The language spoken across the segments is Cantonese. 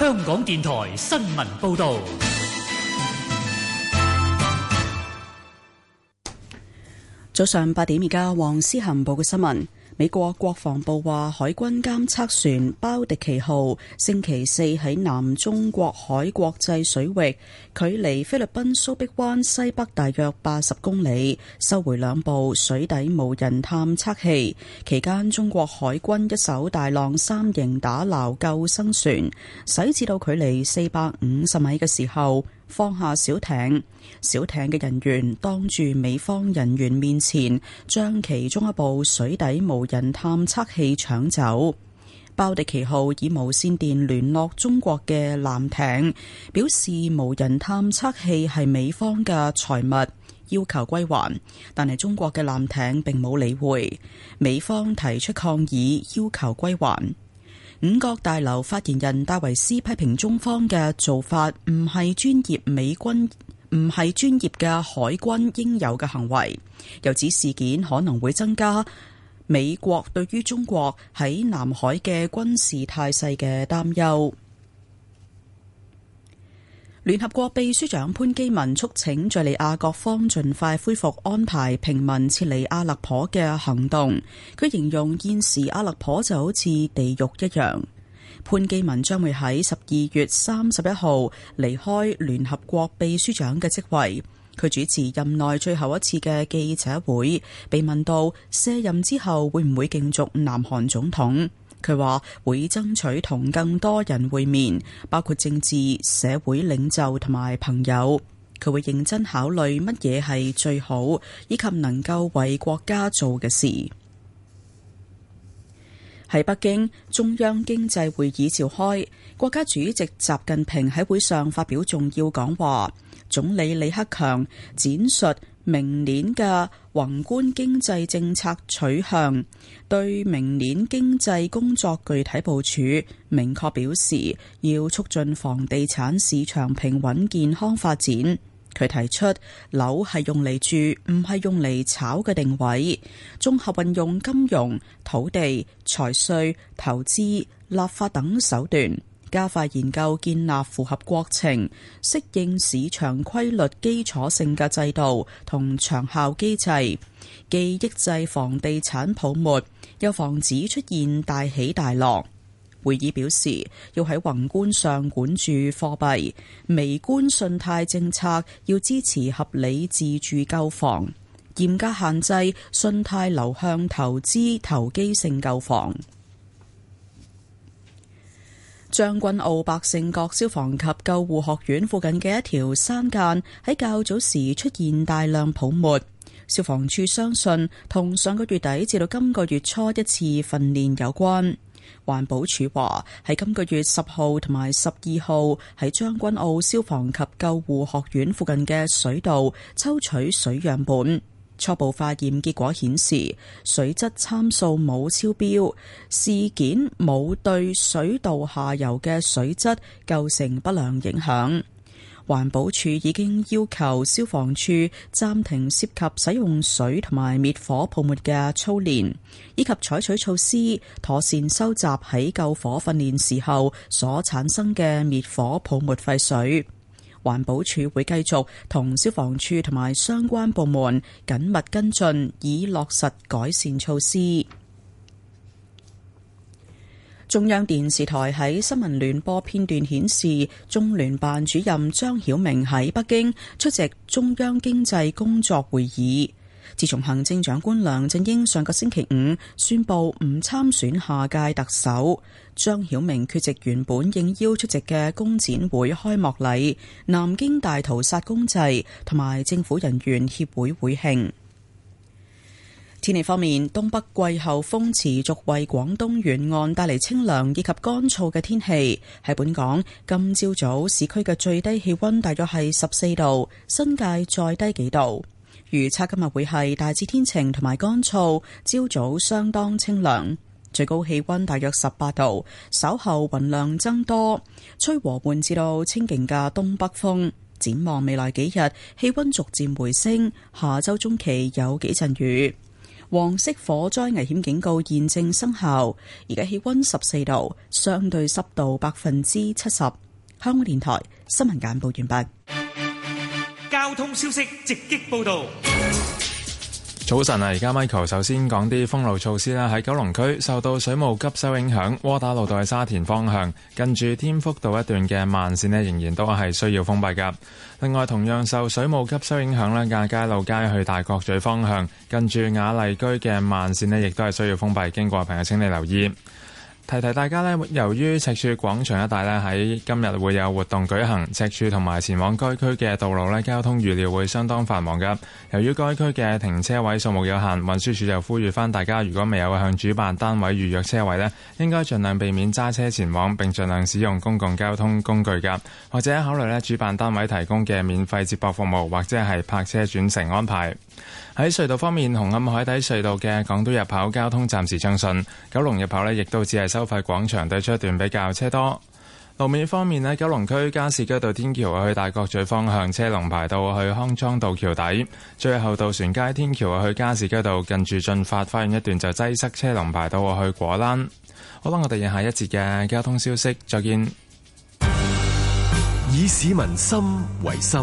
香港電台新聞報道。早上八點，而家黃思恒報嘅新聞。美國國防部話，海軍監測船包迪奇號星期四喺南中國海國際水域，距離菲律賓蘇碧灣西北大約八十公里，收回兩部水底無人探測器。期間，中國海軍一艘大浪三型打撈救生船駛至到距離四百五十米嘅時候。放下小艇，小艇嘅人員當住美方人員面前，將其中一部水底無人探測器搶走。鮑迪奇號以無線電聯絡中國嘅艦艇，表示無人探測器係美方嘅財物，要求歸還。但係中國嘅艦艇並冇理會，美方提出抗議，要求歸還。五角大樓發言人戴維斯批評中方嘅做法唔係專業，美軍唔係專業嘅海軍應有嘅行為，由此事件可能會增加美國對於中國喺南海嘅軍事態勢嘅擔憂。聯合國秘書長潘基文促請敘利亞各方盡快恢復安排平民撤離阿勒頗嘅行動。佢形容現時阿勒頗就好似地獄一樣。潘基文將會喺十二月三十一號離開聯合國秘書長嘅職位。佢主持任內最後一次嘅記者會，被問到卸任之後會唔會競逐南韓總統。佢話會爭取同更多人會面，包括政治社會領袖同埋朋友。佢會認真考慮乜嘢係最好，以及能夠為國家做嘅事。喺北京，中央經濟會議召開，國家主席習近平喺會上發表重要講話，總理李克強展述。明年嘅宏觀經濟政策取向對明年經濟工作具體部署明確表示，要促進房地產市場平穩健康發展。佢提出，樓係用嚟住，唔係用嚟炒嘅定位，綜合運用金融、土地、財稅、投資、立法等手段。加快研究建立符合國情、適應市場規律基礎性嘅制度同長效機制，既抑制房地產泡沫，又防止出現大起大落。會議表示，要喺宏觀上管住貨幣，微觀信貸政策要支持合理自住購房，嚴格限制信貸流向投資，投機性購房。將軍澳百勝角消防及救護學院附近嘅一條山澗，喺較早時出現大量泡沫。消防處相信同上個月底至到今個月初一次訓練有關。環保署話喺今個月十號同埋十二號喺將軍澳消防及救護學院附近嘅水道抽取水樣本。初步化驗結果顯示，水質參數冇超標，事件冇對水道下游嘅水質構成不良影響。環保署已經要求消防處暫停涉及使用水同埋滅火泡沫嘅操練，以及採取措施妥善收集喺救火訓練時候所產生嘅滅火泡沫廢水。環保署會繼續同消防處同埋相關部門緊密跟進，以落實改善措施。中央電視台喺新聞聯播片段顯示，中聯辦主任張曉明喺北京出席中央經濟工作會議。自從行政長官梁振英上個星期五宣布唔參選下屆特首，張曉明缺席原本應邀出席嘅公展會開幕禮、南京大屠殺公祭同埋政府人員協會會慶。天氣方面，東北季候風持續為廣東沿岸帶嚟清涼以及乾燥嘅天氣。喺本港，今朝早,早市區嘅最低氣温大約係十四度，新界再低幾度。預測今日會係大致天晴同埋乾燥，朝早相當清涼，最高氣溫大約十八度。稍後雲量增多，吹和緩至到清勁嘅東北風。展望未來幾日，氣溫逐漸回升，下周中期有幾陣雨。黃色火災危險警告現正生效，而家氣溫十四度，相對濕度百分之七十。香港電台新聞簡報完畢。交通消息直擊報道。早晨啊，而家 Michael 首先講啲封路措施啦。喺九龍區受到水務急修影響，窩打路道喺沙田方向近住天福道一段嘅慢線呢，仍然都係需要封閉噶。另外，同樣受水務急修影響咧，亞皆老街去大角咀方向近住雅麗居嘅慢線呢，亦都係需要封閉。經過嘅朋友，請你留意。提提大家呢，由於赤柱廣場一帶呢，喺今日會有活動舉行，赤柱同埋前往該區嘅道路呢，交通預料會相當繁忙㗎。由於該區嘅停車位數目有限，運輸署又呼籲返大家，如果未有向主辦單位預約車位呢，應該盡量避免揸車前往，並盡量使用公共交通工具㗎，或者考慮呢，主辦單位提供嘅免費接駁服務，或者係泊車轉乘安排。喺隧道方面，紅磡海底隧道嘅港島入口交通暫時暢順，九龍入口呢亦都只係收費廣場對出一段比較車多。路面方面咧，九龍區加士居道天橋去大角咀方向車龍排到去康莊道橋底，最後渡船街天橋去加士居道近住駿發花園一段就擠塞車龍，車龍排到去果欄。好啦，我哋下一節嘅交通消息，再見。以市民心為心。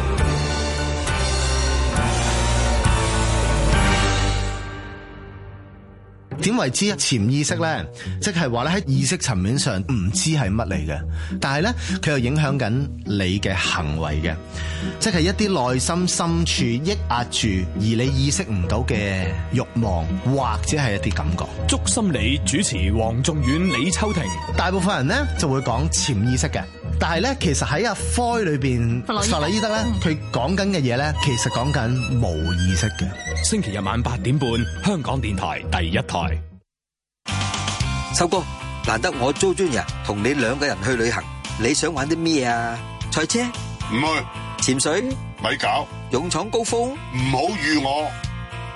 點為之啊？潛意識呢？即係話咧，喺意識層面上唔知係乜嚟嘅，但係呢，佢又影響緊你嘅行為嘅，即係一啲內心深處抑壓住而你意識唔到嘅慾望或者係一啲感覺。祝心理主持黃仲遠、李秋婷，大部分人呢就會講潛意識嘅。但係咧，其實喺阿埃裏邊薩利伊德咧，佢講緊嘅嘢咧，其實講緊冇意識嘅。星期日晚八點半，香港電台第一台。秋哥，難得我租專人同你兩個人去旅行，你想玩啲咩啊？賽車？唔去。潛水？咪搞。勇闖高峰？唔好預我。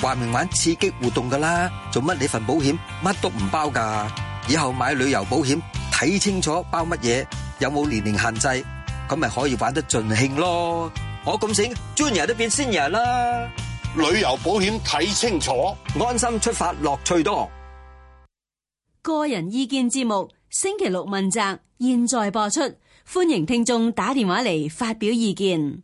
話明玩刺激活動噶啦，做乜你份保險乜都唔包噶？以後買旅遊保險，睇清楚包乜嘢。有冇年齡限制？咁咪可以玩得盡興咯！我咁醒，junior 都變 senior 啦。旅遊保險睇清楚，安心出發，樂趣多。個人意見節目，星期六問責，現在播出，歡迎聽眾打電話嚟發表意見。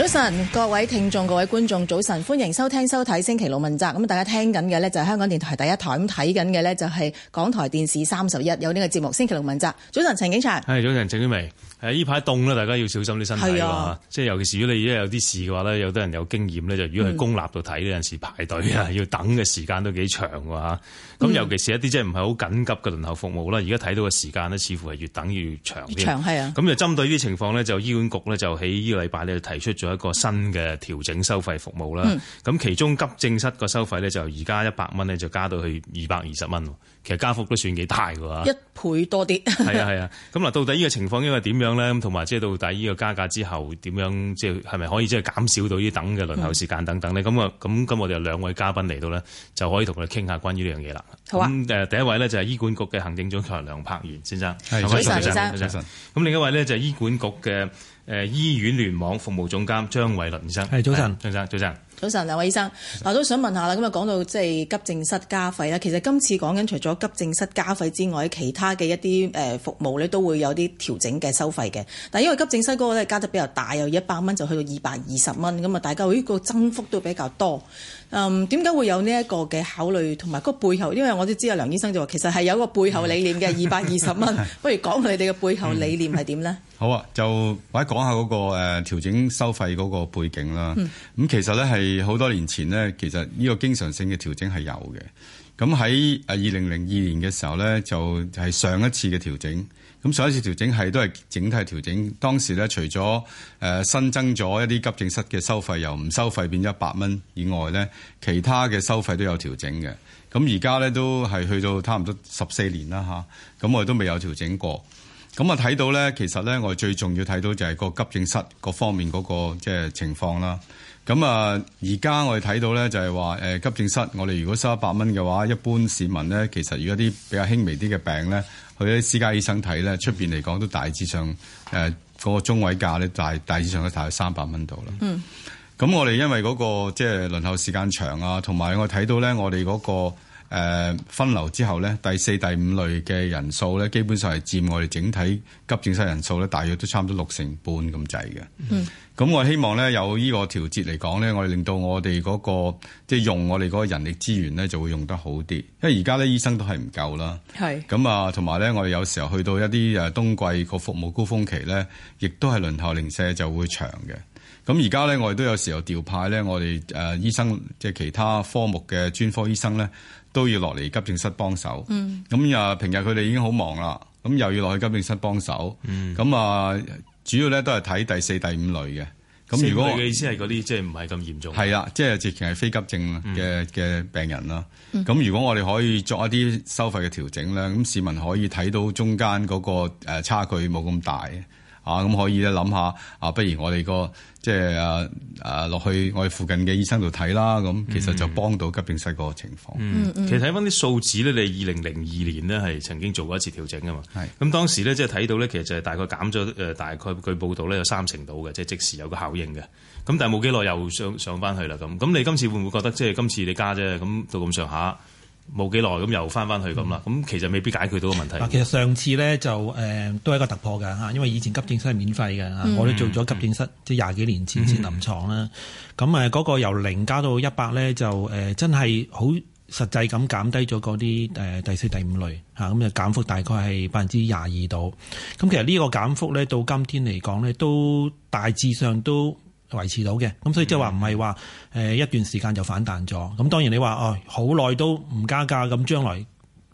早晨，各位聽眾、各位觀眾，早晨，歡迎收聽、收睇星期六問責。咁大家聽緊嘅呢就係香港電台第一台，咁睇緊嘅呢就係港台電視三十一有呢個節目《星期六問責》早。早晨，陳景祥。係，早晨，陳宇薇。誒呢排凍啦，大家要小心啲身體㗎嘛！即係尤其是如果你而家有啲事嘅話咧，有啲人有經驗咧，就如果去公立度睇呢，陣、嗯、時排隊啊，要等嘅時間都幾長㗎嚇。咁、嗯、尤其是一啲即係唔係好緊急嘅輪候服務啦，而家睇到嘅時間呢，似乎係越等越長。越長係啊！咁就針對呢啲情況呢，就醫管局呢，就喺呢個禮拜呢，就提出咗一個新嘅調整收費服務啦。咁、嗯、其中急症室個收費呢，就而家一百蚊呢，就加到去二百二十蚊。其實加幅都算幾大喎，一倍多啲。係啊係啊，咁嗱到底呢個情況因為點樣咧？同埋即係到底呢個加價之後點樣，即係係咪可以即係減少到呢等嘅輪候時間等等咧？咁啊咁，今日我哋有兩位嘉賓嚟到咧，就可以同佢哋傾下關於呢樣嘢啦。好啊。咁第一位咧就係醫管局嘅行政總裁梁栢賢先生，早晨，早晨。咁另一位咧就係醫管局嘅誒醫院聯網服務總監張偉麟先生，早晨，早晨，早晨。早晨，兩位醫生，我、啊、都想問下啦。咁啊，講到即係急症室加費啦。其實今次講緊除咗急症室加費之外，其他嘅一啲誒服務咧都會有啲調整嘅收費嘅。但因為急症室嗰個咧加得比較大，由一百蚊就去到二百二十蚊，咁啊大家呢個增幅都比較多。嗯，點解會有呢一個嘅考慮同埋個背後？因為我都知啊，梁醫生就話其實係有一個背後理念嘅二百二十蚊。 不如講你哋嘅背後理念係點呢、嗯？好啊，就或者講下嗰、那個誒、呃、調整收費嗰個背景啦。咁、嗯、其實咧係。而好多年前呢，其實呢個經常性嘅調整係有嘅。咁喺二零零二年嘅時候呢，就係上一次嘅調整。咁上一次調整係都係整體調整。當時呢，除咗誒新增咗一啲急症室嘅收費由唔收費變一百蚊以外呢，其他嘅收費都有調整嘅。咁而家呢，都係去到差唔多十四年啦吓，咁啊我哋都未有調整過。咁啊睇到呢，其實呢，我最重要睇到就係個急症室各方面嗰個即係情況啦。咁啊，而家我哋睇到咧，就係話誒急症室，我哋如果收一百蚊嘅話，一般市民咧，其實如果啲比較輕微啲嘅病咧，去啲私家醫生睇咧，出邊嚟講都大致上誒嗰個中位價咧，大大致上都大約三百蚊度啦。嗯，咁我哋因為嗰個即係輪候時間長啊，同埋我睇到咧，我哋嗰個。誒、呃、分流之後咧，第四、第五類嘅人數咧，基本上係佔我哋整體急症室人數咧，大約都差唔多六成半咁滯嘅。嗯，咁我希望咧有依個調節嚟講咧，我哋令到我哋嗰、嗰個即係用我哋嗰個人力資源咧，就會用得好啲。因為而家咧醫生都係唔夠啦。係是。咁啊，同埋咧，我哋有時候去到一啲誒冬季個服務高峰期咧，亦都係輪候零舍就會長嘅。咁而家咧，我哋都有時候調派咧，我哋誒醫生即係其他科目嘅專科醫生咧。都要落嚟急症室幫手，咁啊、嗯、平日佢哋已經好忙啦，咁又要落去急症室幫手，咁啊、嗯、主要咧都係睇第四、第五類嘅。咁如果嘅意思係嗰啲即係唔係咁嚴重？係啦，即係直情係非急症嘅嘅病人啦。咁、嗯、如果我哋可以作一啲收費嘅調整咧，咁市民可以睇到中間嗰個誒差距冇咁大啊，咁可以咧諗下啊，不如我哋個。即係、就是、啊啊落去我哋附近嘅醫生度睇啦，咁其實就幫到急病室個情況。嗯嗯、其實睇返啲數字咧，你二零零二年呢係曾經做過一次調整㗎嘛？係，咁係當時咧即係睇到咧，其實就係大概減咗誒，大概據報道咧有三成度嘅，即、就、係、是、即時有個效應嘅。咁但係冇幾耐又上上返去啦咁。咁你今次會唔會覺得即係今次你加啫咁到咁上下？冇幾耐咁又翻翻去咁啦，咁、嗯、其實未必解決到個問題。嗱，其實上次咧就誒、呃、都係一個突破㗎嚇，因為以前急症室係免費嘅，嗯、我哋做咗急症室即係廿幾年前先臨床啦。咁誒嗰個由零加到一百咧就誒、呃、真係好實際咁減低咗嗰啲誒第四第五類嚇，咁、啊、就減幅大概係百分之廿二度。咁其實呢個減幅咧到今天嚟講咧都大致上都，維持到嘅，咁所以即係話唔係話誒一段時間就反彈咗，咁當然你話哦好耐都唔加價，咁將來。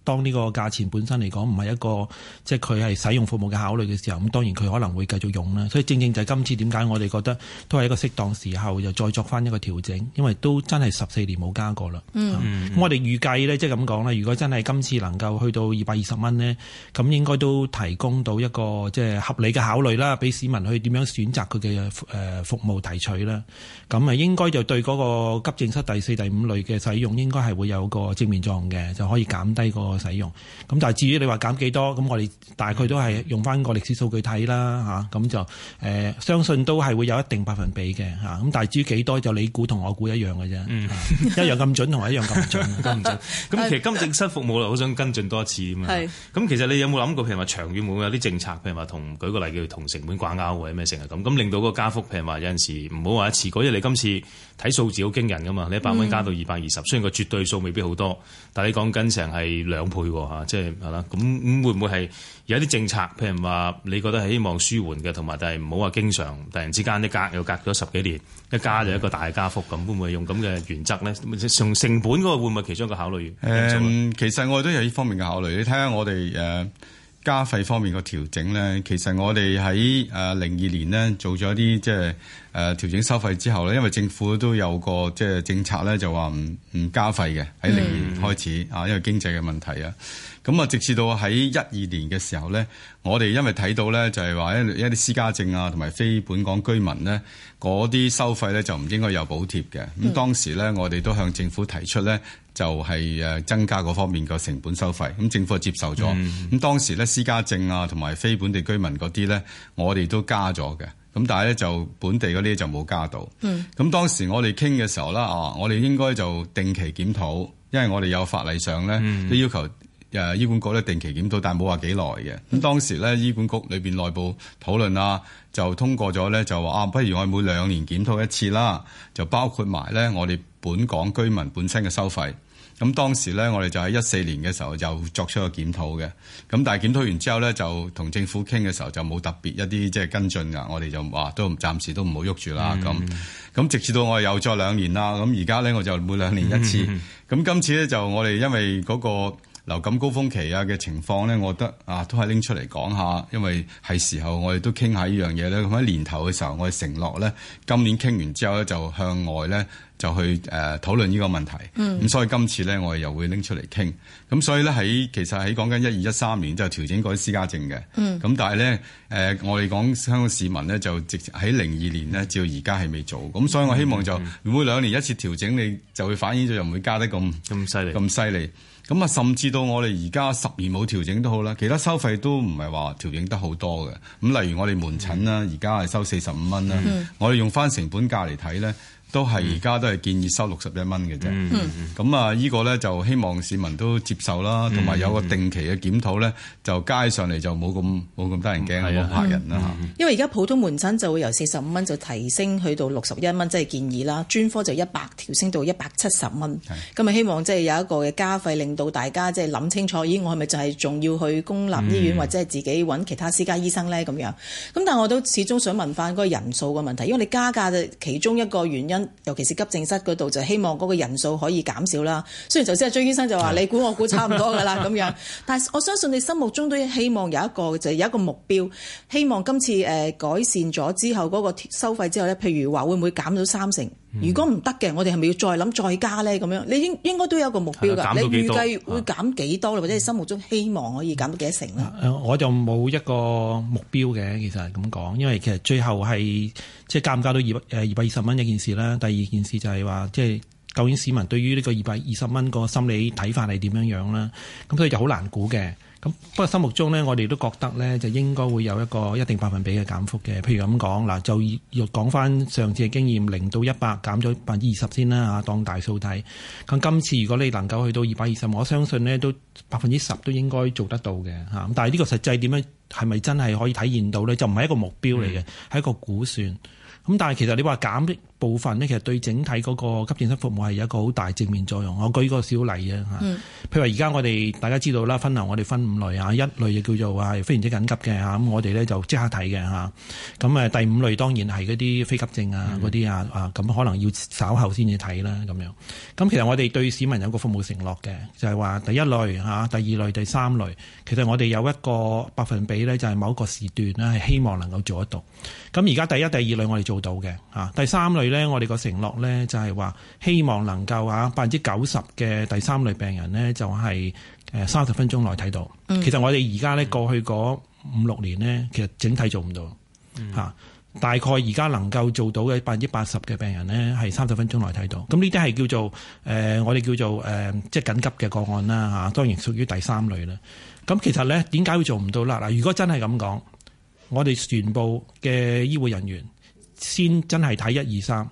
當呢個價錢本身嚟講唔係一個即係佢係使用服務嘅考慮嘅時候，咁當然佢可能會繼續用啦。所以正正就係今次點解我哋覺得都係一個適當時候，又再作翻一個調整，因為都真係十四年冇加過啦。嗯，嗯，我哋預計呢，即係咁講啦，如果真係今次能夠去到二百二十蚊呢，咁應該都提供到一個即係合理嘅考慮啦，俾市民去點樣選擇佢嘅誒服務提取啦。咁啊，應該就對嗰個急症室第四、第五類嘅使用，應該係會有個正面作用嘅，就可以減低個使用咁，但係至於你話減幾多，咁我哋大概都係用返個歷史數據睇啦嚇，咁就誒相信都係會有一定百分比嘅嚇，咁但係至於幾多就你估同我估一樣嘅啫，嗯、一樣咁準同埋一樣咁唔準咁 其實急症室服務，好 想跟進多一次咁 其實你有冇諗過，譬如話長遠會唔會有啲政策，譬如話同舉個例叫同成本掛鈎喎，咩成日？咁，咁令到個加幅譬如話有陣時唔好話一次嗰日你今次睇數字好驚人㗎嘛，你一百蚊加到二百二十，雖然個絕對數未必好多，但係你講緊成係兩。配喎即係係啦，咁咁、嗯、會唔會係有啲政策？譬如話，你覺得係希望舒緩嘅，同埋但係唔好話經常突然之間一隔又隔咗十幾年，一加就一個大家福咁、嗯，會唔會用咁嘅原則咧？成成本嗰個會唔會其中一個考慮？誒、嗯呃，其實我哋都有呢方面嘅考慮。你睇下我哋誒加費方面個調整咧，其實我哋喺誒零二年咧做咗啲即係。誒調整收費之後咧，因為政府都有個即係政策咧，就話唔唔加費嘅，喺零、嗯、年開始啊，因為經濟嘅問題啊。咁啊，直至到喺一二年嘅時候咧，我哋因為睇到咧，就係話一啲私家證啊，同埋非本港居民咧，嗰啲收費咧就唔應該有補貼嘅。咁、嗯、當時咧，我哋都向政府提出咧，就係誒增加嗰方面嘅成本收費。咁政府就接受咗。咁、嗯、當時咧，私家證啊，同埋非本地居民嗰啲咧，我哋都加咗嘅。咁但係咧就本地嗰啲就冇加到。咁、嗯、當時我哋傾嘅時候啦，啊，我哋應該就定期檢討，因為我哋有法例上咧都要求誒醫管局咧定期檢討，但係冇話幾耐嘅。咁當時咧醫管局裏邊內部討論啦，就通過咗咧就話啊，不如我哋每兩年檢討一次啦，就包括埋咧我哋本港居民本身嘅收費。咁當時咧，我哋就喺一四年嘅時候就作出個檢討嘅。咁但係檢討完之後咧，就同政府傾嘅時候就冇特別一啲即係跟進㗎。我哋就話都暫時都唔好喐住啦。咁咁、嗯、直至到我哋又再兩年啦。咁而家咧我就每兩年一次。咁、嗯、今次咧就我哋因為嗰、嗰個流感高峰期啊嘅情況咧，我覺得啊都係拎出嚟講下，因為係時候我哋都傾下依樣嘢咧。咁喺年頭嘅時候，我哋承諾咧，今年傾完之後咧，就向外咧就去誒、呃、討論呢個問題。嗯，咁所以今次咧，我哋又會拎出嚟傾。咁所以咧，喺其實喺講緊一二一三年就調整嗰啲私家證嘅。嗯，咁但係咧誒，我哋講香港市民咧就直喺零二年咧，照而家係未做。咁所以我希望就每兩年一次調整，你就會反映咗又唔會加得咁咁犀利，咁犀利。咁啊，甚至到我哋而家十年冇調整都好啦，其他收費都唔係話調整得好多嘅。咁例如我哋門診啦，而家係收四十五蚊啦，嗯、我哋用翻成本價嚟睇咧。都係而家都係建議收六十一蚊嘅啫。嗯咁啊，呢個呢，就希望市民都接受啦，同埋、嗯、有個定期嘅檢討呢，就加上嚟就冇咁冇咁得人驚，冇咁嚇人啦。因為而家普通門診就會由四十五蚊就提升去到六十一蚊，即、就、係、係、建議啦。專科就一百調升到一百七十蚊。咁啊，希望即係有一個嘅加費，令到大家即係諗清楚，咦，我係咪就係仲要去公立醫院、嗯、或者係自己揾其他私家醫生呢？咁樣。咁但係我都始終想問翻嗰個人數嘅問題，因為你加價嘅其中一個原因。尤其是急症室嗰度就希望嗰個人數可以減少啦。雖然頭先阿張醫生就話 你估我估差唔多噶啦咁樣，但係我相信你心目中都希望有一個就係、有一個目標，希望今次誒、呃、改善咗之後嗰、嗰個收費之後咧，譬如話會唔會減到三成？如果唔得嘅，我哋係咪要再諗再加呢？咁樣，你應應該都有個目標㗎。你預計會減幾多，的或者你心目中希望可以減到幾多成啦、嗯？我就冇一個目標嘅，其實係咁講，因為其實最後係即係加唔加到二百誒二百二十蚊一件事啦。第二件事就係話，即係究竟市民對於呢個二百二十蚊個心理睇法係點樣樣啦？咁、嗯、所以就好難估嘅。不過心目中呢，我哋都覺得呢，就應該會有一個一定百分比嘅減幅嘅。譬如咁講，嗱，就要講翻上次嘅經驗，零到一百減咗百分之二十先啦，嚇當大數睇。咁今次如果你能夠去到二百二十，我相信呢都百分之十都應該做得到嘅嚇。但係呢個實際點樣係咪真係可以體現到呢？就唔係一個目標嚟嘅，係、嗯、一個估算。咁但係其實你話減。部分呢，其實對整體嗰個急症室服務係有一個好大正面作用。我舉個小例啊，嗯、譬如而家我哋大家知道啦，分流我哋分五類啊，一類就叫做啊，非常之緊急嘅吓，咁我哋咧就即刻睇嘅吓，咁啊，第五類當然係嗰啲非急症啊，嗰啲啊啊，咁可能要稍後先至睇啦咁樣咁其實我哋對市民有個服務承諾嘅，就係、是、話第一類吓、啊，第二類第三類其實我哋有一個百分比咧，就係某一個時段咧係希望能夠做得到。咁而家第一、第二類我哋做到嘅吓、啊，第三類。咧，我哋個承諾咧就係話，希望能夠吓百分之九十嘅第三類病人呢，就係誒三十分鐘內睇到。其實我哋而家呢，過去嗰五六年呢，其實整體做唔到。吓大概而家能夠做到嘅百分之八十嘅病人呢，係三十分鐘內睇到。咁呢啲係叫做誒我哋叫做誒即係緊急嘅個案啦吓，當然屬於第三類啦。咁其實呢，點解會做唔到啦？嗱，如果真係咁講，我哋全部嘅醫護人員。先真係睇一二三，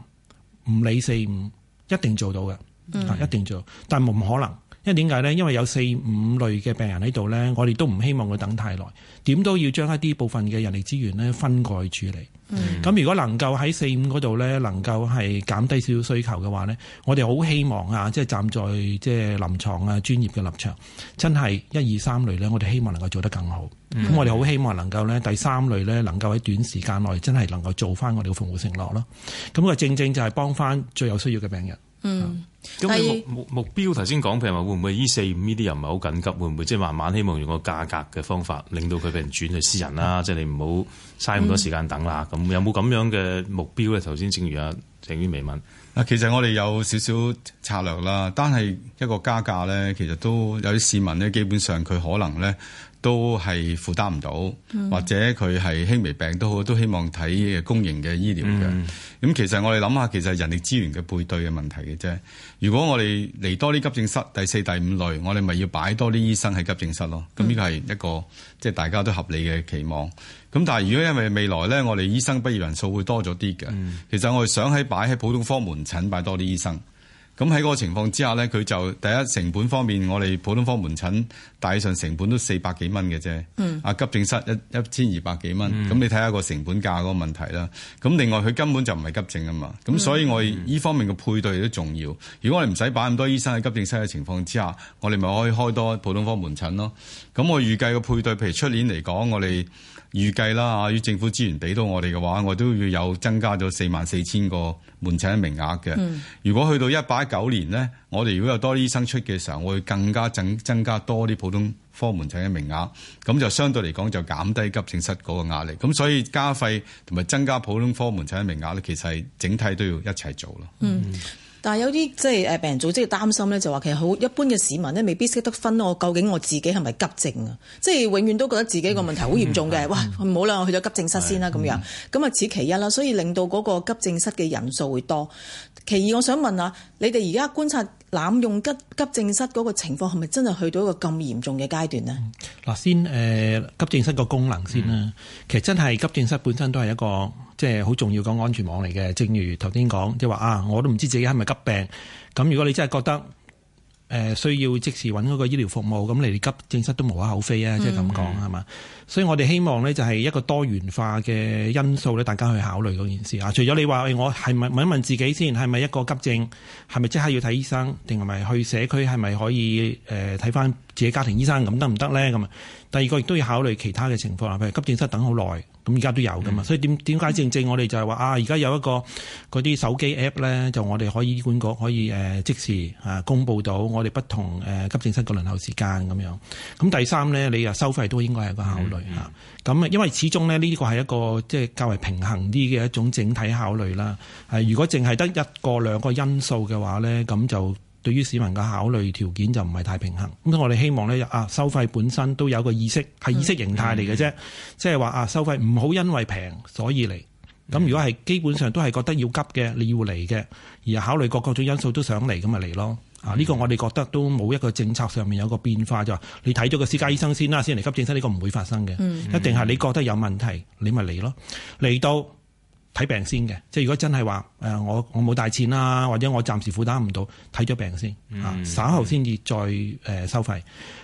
唔理四五，一定做到嘅。嗯、一定做到，但係唔可能，因為點解咧？因為有四五類嘅病人喺度咧，我哋都唔希望佢等太耐，點都要將一啲部分嘅人力資源咧分蓋處理。咁、嗯、如果能夠喺四五嗰度呢，能夠係減低少少需求嘅話呢，我哋好希望啊，即係站在即係臨床啊專業嘅立場，真係一二三類呢，我哋希望能夠做得更好。咁、嗯、我哋好希望能夠呢，第三類呢，能夠喺短時間內真係能夠做翻我哋嘅服務承諾咯。咁啊，正正就係幫翻最有需要嘅病人。嗯，咁你目目目標頭先講譬如話會唔會呢四五呢啲又唔係好緊急，會唔會即係慢慢希望用個價格嘅方法令到佢俾人轉去私人啦？嗯、即係你唔好嘥咁多時間等啦。咁、嗯、有冇咁樣嘅目標咧？頭先正如啊鄭於薇問，嗱其實我哋有少少策略啦，但係一個加價咧，其實都有啲市民咧，基本上佢可能咧。都係負擔唔到，或者佢係輕微病都好，都希望睇公營嘅醫療嘅。咁、嗯、其實我哋諗下，其實人力資源嘅配對嘅問題嘅啫。如果我哋嚟多啲急症室，第四、第五類，我哋咪要擺多啲醫生喺急症室咯。咁呢個係一個、嗯、即係大家都合理嘅期望。咁但係如果因為未來呢，我哋醫生畢業人數會多咗啲嘅，其實我哋想喺擺喺普通科門診擺多啲醫生。咁喺嗰個情況之下呢，佢就第一，成本方面，我哋普通科門診大約上成本都四百幾蚊嘅啫。嗯。啊，急症室一一千二百幾蚊，咁、mm. 你睇下個成本價嗰個問題啦。咁另外佢根本就唔係急症啊嘛。咁所以我依方面嘅配對亦都重要。Mm. 如果我哋唔使擺咁多醫生喺急症室嘅情況之下，我哋咪可以開多普通科門診咯。咁我預計個配對，譬如出年嚟講，我哋。預計啦，啊，與政府資源俾到我哋嘅話，我都要有增加咗四萬四千個門診嘅名額嘅。嗯、如果去到一八一九年咧，我哋如果有多啲醫生出嘅時候，我會更加增增加多啲普通科門診嘅名額，咁就相對嚟講就減低急症室嗰個壓力。咁所以加費同埋增加普通科門診嘅名額咧，其實係整體都要一齊做咯。嗯。但係有啲即係誒病人組織擔心咧，就話其實好一般嘅市民咧，未必識得分我究竟我自己係咪急症啊？即係永遠都覺得自己個問題好嚴重嘅，嗯、哇！唔好啦，我去咗急症室先啦咁、嗯、樣。咁啊、嗯，此其一啦，所以令到嗰個急症室嘅人數會多。其二，我想問下你哋而家觀察濫用急急症室嗰個情況，係咪真係去到一個咁嚴重嘅階段呢？嗱、嗯，先誒、呃、急症室個功能先啦。嗯、其實真係急症室本身都係一個。即係好重要嘅安全網嚟嘅，正如頭先講，即係話啊，我都唔知自己係咪急病。咁如果你真係覺得誒需要即時揾嗰個醫療服務，咁你嚟急症室都無可厚非啊，即係咁講係嘛？所以我哋希望呢就係一個多元化嘅因素咧，大家去考慮嗰件事啊。除咗你話我係咪問一問自己先，係咪一個急症，係咪即刻要睇醫生，定係咪去社區，係咪可以誒睇翻自己家庭醫生咁得唔得呢？咁啊，第二個亦都要考慮其他嘅情況啊，譬如急症室等好耐。咁而家都有噶嘛，所以點點解正正我哋就係話啊，而家有一個嗰啲手機 app 咧，就我哋可以醫管局可以誒、呃、即時啊公佈到我哋不同誒、呃、急症室個輪候時間咁樣。咁、嗯、第三咧，你又收費都應該係個考慮嚇。咁、嗯嗯、啊，因為始終咧呢個係一個即係較為平衡啲嘅一種整體考慮啦。係、啊、如果淨係得一個兩個因素嘅話咧，咁就。對於市民嘅考慮條件就唔係太平衡，咁我哋希望咧啊收費本身都有個意識，係意識形態嚟嘅啫，即係話啊收費唔好因為平所以嚟，咁如果係基本上都係覺得要急嘅，你要嚟嘅，而考慮各各種因素都想嚟咁咪嚟咯，囉，嗯，啊呢，呢個我哋覺得都冇一個政策上面有個變化就話你睇咗個私家醫生先啦，先嚟急症室呢個唔會發生嘅，一定係你覺得有問題你咪嚟咯，嚟到。睇病先嘅，即係如果真係話，誒、呃，我我冇帶錢啦、啊，或者我暫時負擔唔到，睇咗病先啊，嗯、稍後先至再誒、呃、收費誒、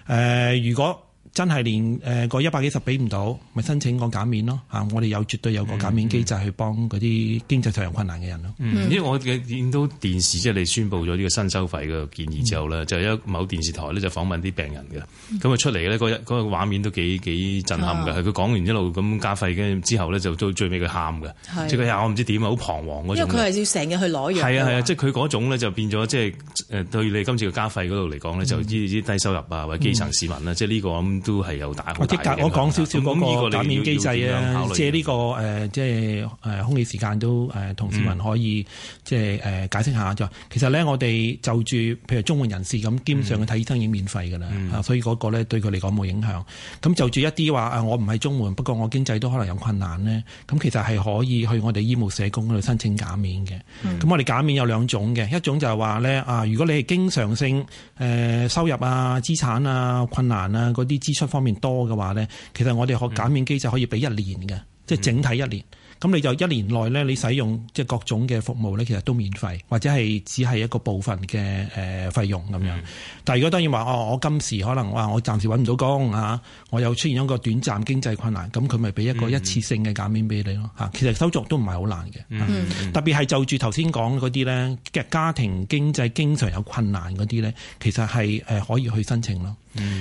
呃，如果真係連誒個一百幾十俾唔到，咪申請個減免咯嚇！我哋有絕對有個減免機制去幫嗰啲經濟上有困難嘅人咯。因為我見到電視，即係你宣佈咗呢個新收費嘅建議之後呢，就一某電視台呢就訪問啲病人嘅，咁啊出嚟呢，嗰一嗰個畫面都幾幾震撼㗎。佢講完一路咁加費嘅之後呢，就到最尾佢喊嘅，即佢又我唔知點好彷徨嗰種。因為佢係要成日去攞藥。係啊係啊，即係佢嗰種咧就變咗即係誒對你今次嘅加費嗰度嚟講呢，就依啲低收入啊或者基層市民啦，即係呢個。都係有打或者我講少少嗰個減免機制啊，借呢、這個誒，即係誒空氣時間都誒，同市民可以即係誒解釋下就。其實咧，我哋就住譬如綜援人士咁，基本上嘅睇醫生已經免費㗎啦，嗯、所以嗰個咧對佢嚟講冇影響。咁就住一啲話誒，我唔係綜援，不過我經濟都可能有困難呢。」咁其實係可以去我哋醫務社工嗰度申請減免嘅。咁明我哋減免有兩種嘅，一種就係話咧啊，如果你係經常性誒收入啊、資產啊、困難啊嗰啲。支出方面多嘅話呢，其實我哋個減免機制可以俾一年嘅，即係、嗯、整體一年。咁、嗯、你就一年內呢，你使用即係各種嘅服務呢，其實都免費，或者係只係一個部分嘅誒、呃、費用咁樣。但係如果當然話，哦，我今時可能哇、哦，我暫時揾唔到工啊，我又出現一個短暫經濟困難，咁佢咪俾一個一次性嘅減免俾你咯吓。其實手續都唔係好難嘅，嗯嗯、特別係就住頭先講嗰啲咧，家庭經濟經常有困難嗰啲呢，其實係誒可以去申請咯。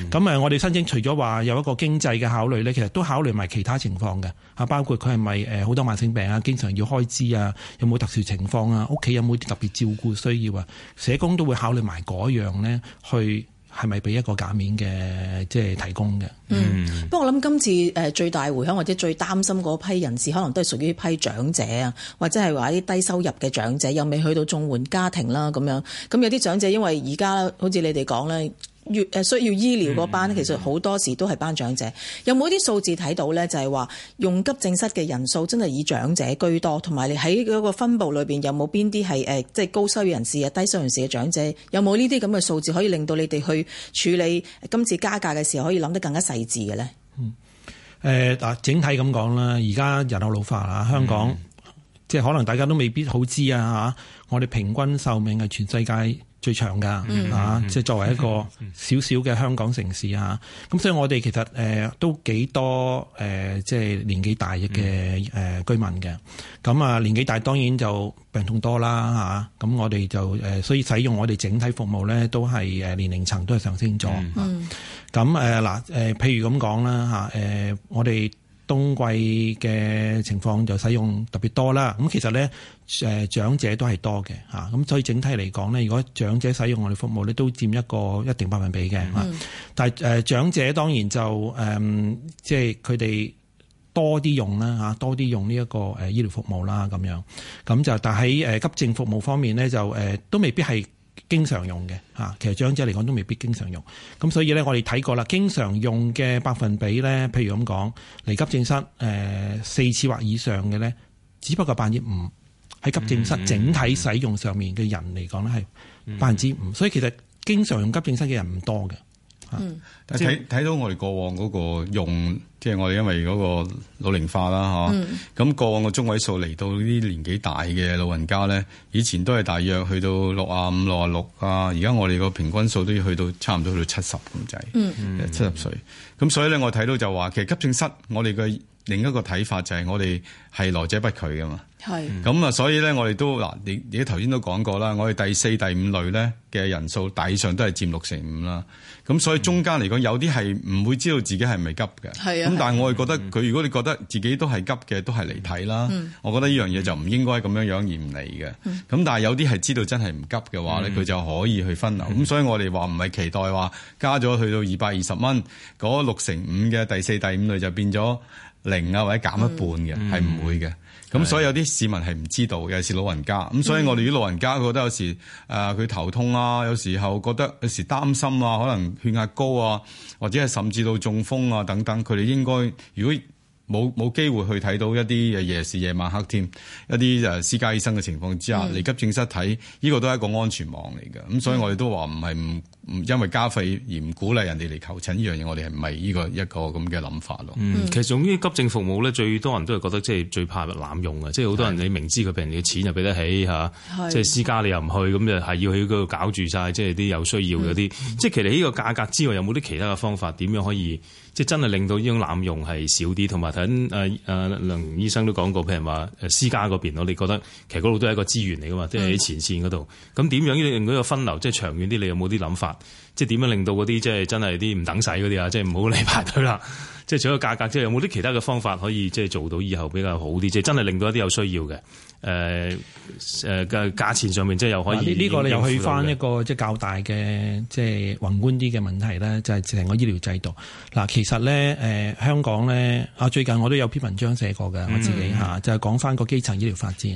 咁啊！嗯、我哋申請除咗話有一個經濟嘅考慮咧，其實都考慮埋其他情況嘅㗎，包括佢係咪誒好多慢性病啊，經常要開支啊，有冇特殊情況啊？屋企有冇特別照顧需要啊？社工都會考慮埋嗰樣咧，去係咪俾一個減免嘅即係提供嘅？嗯，嗯不過我諗今次誒最大回響或者最擔心嗰批人士，可能都係屬於一批長者啊，或者係話啲低收入嘅長者又未去到綜援家庭啦咁樣。咁有啲長者因為而家好似你哋講咧。越誒需要醫療嗰班，嗯、其實好多時都係班長者。嗯、有冇啲數字睇到呢？就係、是、話用急症室嘅人數真係以長者居多，同埋你喺嗰個分佈裏邊有冇邊啲係誒即係高收入人士啊、低收入人士嘅長者？有冇呢啲咁嘅數字可以令到你哋去處理今次加價嘅時候可以諗得更加細緻嘅呢？嗯，誒、呃、嗱，整體咁講啦，而家人口老化啊，香港、嗯、即係可能大家都未必好知啊嚇。我哋平均壽命係全世界。最長噶嚇，即係、嗯啊就是、作為一個小小嘅香港城市嚇，咁、啊、所以我哋其實誒、呃、都幾多誒、呃，即係年紀大嘅誒、呃、居民嘅，咁啊年紀大當然就病痛多啦嚇，咁、啊、我哋就誒、呃、所以使用我哋整體服務咧，都係誒年齡層都係上升咗。咁，誒嗱，誒譬如咁講啦嚇，誒、啊呃、我哋。冬季嘅情況就使用特別多啦，咁其實咧誒長者都係多嘅嚇，咁所以整體嚟講咧，如果長者使用我哋服務咧，都佔一個一定百分比嘅嚇。嗯、但係誒、呃、長者當然就誒、呃、即係佢哋多啲用啦嚇，多啲用呢一個誒醫療服務啦咁樣，咁就但喺誒急症服務方面咧就誒、呃、都未必係。經常用嘅嚇，其實長者嚟講都未必經常用。咁所以咧，我哋睇過啦，經常用嘅百分比咧，譬如咁講嚟急症室誒四次或以上嘅咧，只不過百分之五，喺急症室整體使用上面嘅人嚟講咧係百分之五，所以其實經常用急症室嘅人唔多嘅。嗯，但係睇睇到我哋過往嗰個用，即係我哋因為嗰個老齡化啦，吓，嗯，咁，啊，過往個中位數嚟到呢啲年紀大嘅老人家咧，以前都係大約去到六啊五、六啊六啊，而家我哋個平均數都要去到差唔多去到七十咁滯，嗯嗯，七十歲。咁，嗯，所以咧，我睇到就話，其實急症室我哋嘅另一個睇法就係我哋係來者不拒噶嘛。係咁啊，所以咧，我哋都嗱，你你頭先都講過啦，我哋第四、第五類咧嘅人數大上都係佔六成五啦。咁所以中間嚟講，有啲係唔會知道自己係咪急嘅。係啊。咁但係我哋覺得佢如果你覺得自己都係急嘅，都係嚟睇啦。嗯。我覺得呢樣嘢就唔應該咁樣樣而唔嚟嘅。嗯。咁但係有啲係知道真係唔急嘅話咧，佢就可以去分流。咁所以我哋話唔係期待話加咗去到二百二十蚊，嗰六成五嘅第四、第五類就變咗零啊，或者減一半嘅係唔會嘅。咁所以有啲。市民係唔知道，尤其是老人家咁，嗯、所以我哋啲老人家覺得有時誒佢、呃、頭痛啦，有時候覺得有時擔心啊，可能血壓高啊，或者係甚至到中風啊等等，佢哋應該如果冇冇機會去睇到一啲誒夜市夜晚黑添一啲誒私家醫生嘅情況之下嚟、嗯、急症室睇，呢、呢個都係一個安全網嚟嘅，咁所以我哋都話唔係唔。嗯因為加費而唔鼓勵人哋嚟求診呢樣嘢，我哋係唔係呢個一個咁嘅諗法咯？嗯，其實總之急症服務咧，最多人都係覺得即係最怕濫用嘅，即係好多人的你明知佢俾人哋嘅錢又俾得起嚇，的即係私家你又唔去，咁就係要喺嗰度搞住晒，即係啲有需要嗰啲。的即係其實呢個價格之外，有冇啲其他嘅方法，點樣可以？即係真係令到呢種濫用係少啲，同埋頭先誒梁醫生都講過，譬如話誒私家嗰邊咯，你覺得其實嗰度都係一個資源嚟噶嘛，即係喺前線嗰度。咁點、嗯、樣要令到個分流即係長遠啲？你有冇啲諗法？即係點樣令到嗰啲即係真係啲唔等使嗰啲啊？即係唔好嚟排隊啦！即係除咗價格，即係有冇啲其他嘅方法可以即係做到以後比較好啲？即係真係令到一啲有需要嘅。誒誒嘅價錢上面即係又可以呢個你又去翻一個即係較大嘅即係宏觀啲嘅問題咧，就係成個醫療制度嗱。其實咧誒香港咧啊，最近我都有篇文章寫過嘅，我自己吓就係講翻個基層醫療發展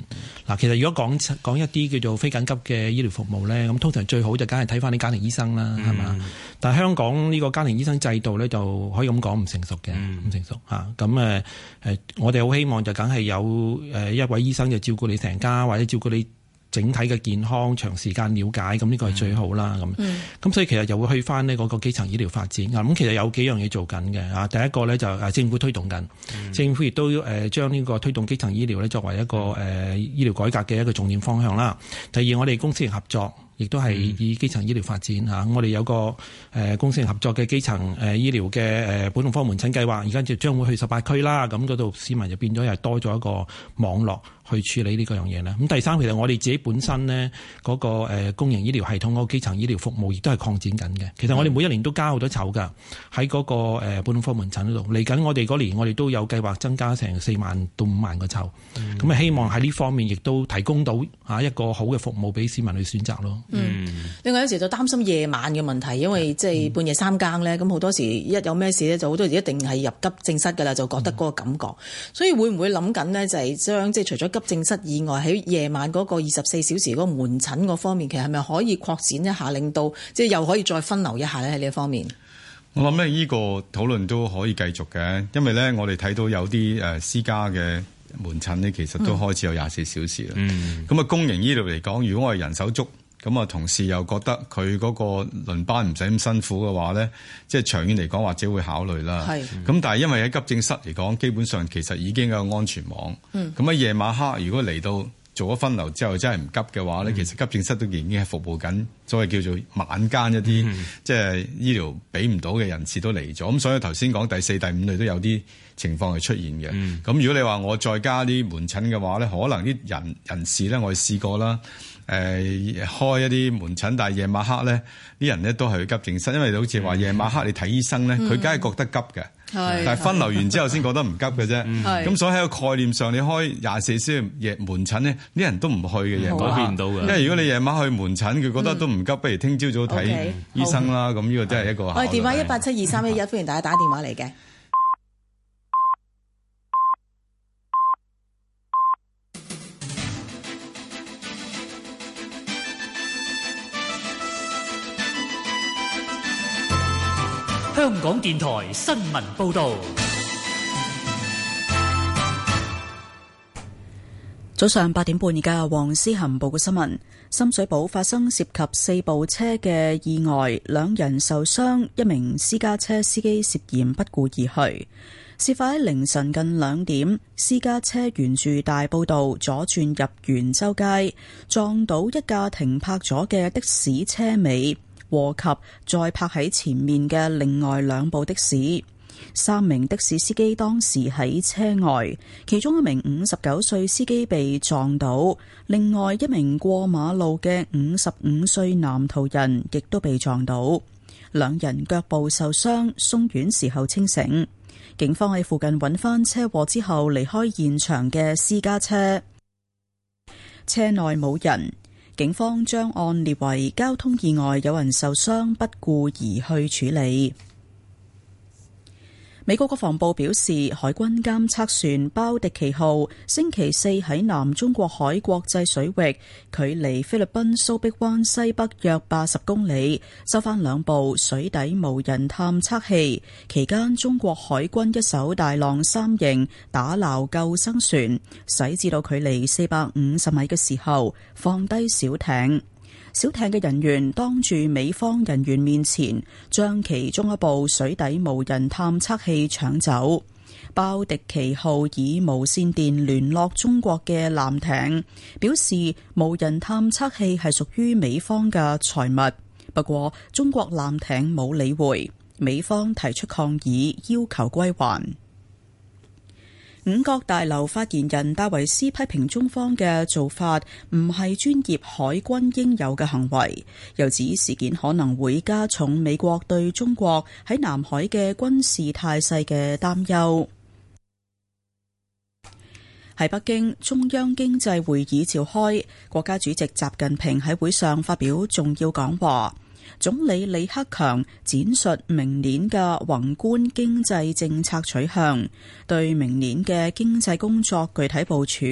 嗱。其實如果講講一啲叫做非緊急嘅醫療服務咧，咁通常最好就梗係睇翻啲家庭醫生啦，係嘛？但係香港呢個家庭醫生制度咧，就可以咁講唔成熟嘅，唔成熟吓咁誒誒我哋好希望就梗係有誒一位醫生就照。照顧你成家，或者照顧你整體嘅健康，長時間了解，咁、這、呢個係最好啦。咁、嗯，咁所以其實又會去翻呢嗰個基層醫療發展啊。咁其實有幾樣嘢做緊嘅啊。第一個呢，就誒，政府推動緊，政府亦都誒將呢個推動基層醫療呢作為一個誒醫療改革嘅一個重點方向啦。第二，我哋公私營合作亦都係以基層醫療發展吓，嗯、我哋有個誒公私營合作嘅基層誒醫療嘅誒普通科門診計劃，而家就將會去十八區啦。咁嗰度市民就變咗又多咗一個網絡。去處理呢個樣嘢咧，咁第三，其實我哋自己本身呢，嗰個公營醫療系統個基層醫療服務亦都係擴展緊嘅。其實我哋每一年都加好多籌㗎喺嗰個誒普通科門診度。嚟緊我哋嗰年我哋都有計劃增加成四萬到五萬個籌。咁啊、嗯、希望喺呢方面亦都提供到嚇一個好嘅服務俾市民去選擇咯。嗯，另外有時就擔心夜晚嘅問題，因為即係半夜三更咧，咁好、嗯、多時一有咩事咧，就好多時一定係入急症室㗎啦，就覺得嗰個感覺。嗯、所以會唔會諗緊呢？就係、是、將即係除咗急症室以外，喺夜晚嗰個二十四小時嗰門診嗰方面，其實係咪可以擴展一下，令到即係又可以再分流一下咧？喺呢一方面，我諗咧依個討論都可以繼續嘅，因為咧我哋睇到有啲誒私家嘅門診咧，其實都開始有廿四小時啦。嗯，咁啊，嗯，公營醫療嚟講，如果我係人手足。咁啊，同事又覺得佢嗰個輪班唔使咁辛苦嘅話咧，即係長遠嚟講，或者會考慮啦。係是。咁但係因為喺急症室嚟講，基本上其實已經有安全網。咁喺夜晚黑，如果嚟到做咗分流之後，真係唔急嘅話咧，嗯、其實急症室都已經係服務緊，所謂叫做晚間一啲、嗯、即係醫療俾唔到嘅人士都嚟咗。咁、嗯、所以頭先講第四、第五類都有啲情況係出現嘅。咁、嗯、如果你話我再加啲門診嘅話咧，可能啲人人士咧，我哋試過啦。誒，開一啲門診，但係夜晚黑咧，啲人咧都係去急症室，因為好似話夜晚黑你睇醫生咧，佢梗係覺得急嘅，嗯、但係分流完之後先覺得唔急嘅啫。咁、嗯嗯、所以喺個概念上，你開廿四小時夜門診咧，啲人都唔去嘅，人改變唔到嘅。好啊、因為如果你夜晚去門診，佢覺得都唔急，嗯、不如聽朝早睇醫生啦。咁呢個都係一個。喂，我哋電話一八七二三一一，是 11, 歡迎大家打電話嚟嘅。香港電台新聞報道：早上八點半，而家由黃思恆報告新聞，深水埗發生涉及四部車嘅意外，兩人受傷，一名私家車司機涉嫌不顧而去。事發喺凌晨近兩點，私家車沿住大埔道左轉入元州街，撞到一架停泊咗嘅的士車尾。禍及再拍喺前面嘅另外兩部的士，三名的士司機當時喺車外，其中一名五十九歲司機被撞倒，另外一名過馬路嘅五十五歲男途人亦都被撞倒，兩人腳部受傷，送院時候清醒。警方喺附近揾翻車禍之後離開現場嘅私家車，車內冇人。警方將案列為交通意外，有人受傷，不顧而去處理。美國國防部表示，海軍監測船包迪奇號星期四喺南中國海國際水域，距離菲律賓蘇碧灣西北約八十公里，收翻兩部水底無人探測器。期間，中國海軍一艘大浪三型打撈救生船，駛至到距離四百五十米嘅時候，放低小艇。小艇嘅人員當住美方人員面前，將其中一部水底無人探測器搶走。鮑迪奇號以無線電聯絡中國嘅艦艇，表示無人探測器係屬於美方嘅財物。不過中國艦艇冇理會，美方提出抗議，要求歸還。五角大樓發言人戴維斯批評中方嘅做法唔係專業海軍應有嘅行為，又指事件可能會加重美國對中國喺南海嘅軍事態勢嘅擔憂。喺北京，中央經濟會議召開，國家主席習近平喺會上發表重要講話。總理李克強展述明年嘅宏觀經濟政策取向，對明年嘅經濟工作具體部署，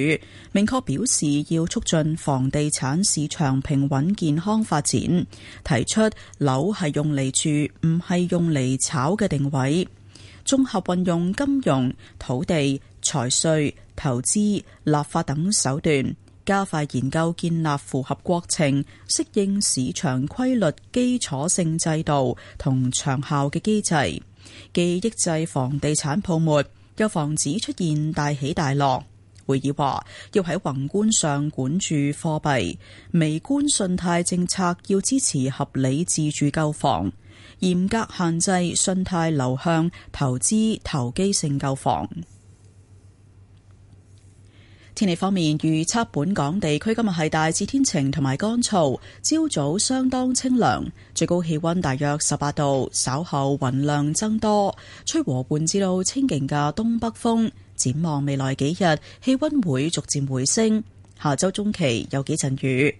明確表示要促進房地產市場平穩健康發展，提出樓係用嚟住，唔係用嚟炒嘅定位，綜合運用金融、土地、財稅、投資、立法等手段。加快研究建立符合國情、適應市場規律基礎性制度同長效嘅機制，既抑制房地產泡沫，又防止出現大起大落。會議話要喺宏觀上管住貨幣，微觀信貸政策要支持合理自住購房，嚴格限制信貸流向投資投機性購房。天氣方面，預測本港地區今日係大致天晴同埋乾燥，朝早相當清涼，最高氣溫大約十八度。稍後雲量增多，吹和緩至到清勁嘅東北風。展望未來幾日，氣溫會逐漸回升。下周中期有幾陣雨。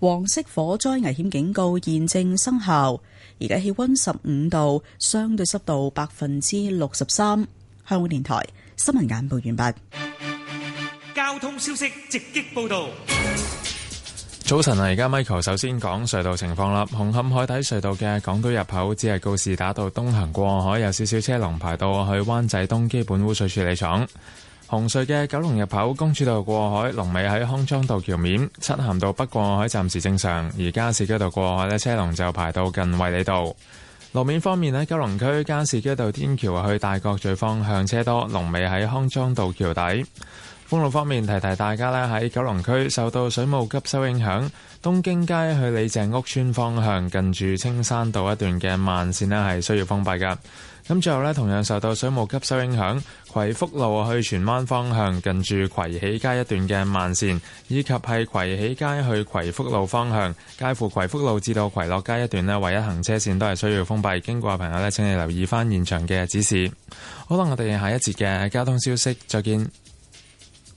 黃色火災危險警告現正生效。而家氣溫十五度，相對濕度百分之六十三。香港電台新聞眼報完畢。交通消息直擊報道。早晨啊，而家 Michael 首先講隧道情況啦。紅磡海底隧道嘅港島入口只係告士打道東行過海，有少少車龍排到去灣仔東基本污水處理廠。紅隧嘅九龍入口公主道過海，龍尾喺康莊道橋面；漆咸道北過海暫時正常。而加士居道過海咧，車龍就排到近衛理道。路面方面喺九龍區加士居道天橋去大角咀方向車多，龍尾喺康莊道橋底。公路方面，提提大家呢喺九龍區受到水務吸收影響，東京街去李鄭屋村方向近住青山道一段嘅慢線呢係需要封閉嘅。咁最後呢，同樣受到水務吸收影響，葵福路去荃灣方向近住葵喜街一段嘅慢線，以及係葵喜街去葵福路方向，介乎葵福路至到葵樂街一段呢，唯一行車線都係需要封閉。經過嘅朋友呢，請你留意翻現場嘅指示。好啦，我哋下一節嘅交通消息再見。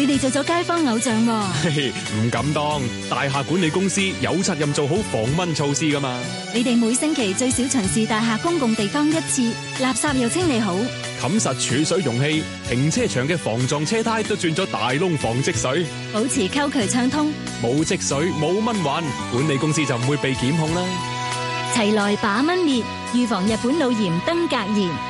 你哋做咗街坊偶像喎，唔敢當。大廈管理公司有責任做好防蚊措施㗎嘛。你哋每星期最少巡視大廈公共地方一次，垃圾又清理好，冚實儲水容器，停車場嘅防撞車胎都轉咗大窿防積水，保持溝渠暢通，冇積水冇蚊患，管理公司就唔會被檢控啦。齊來把蚊滅，預防日本腦炎登革炎。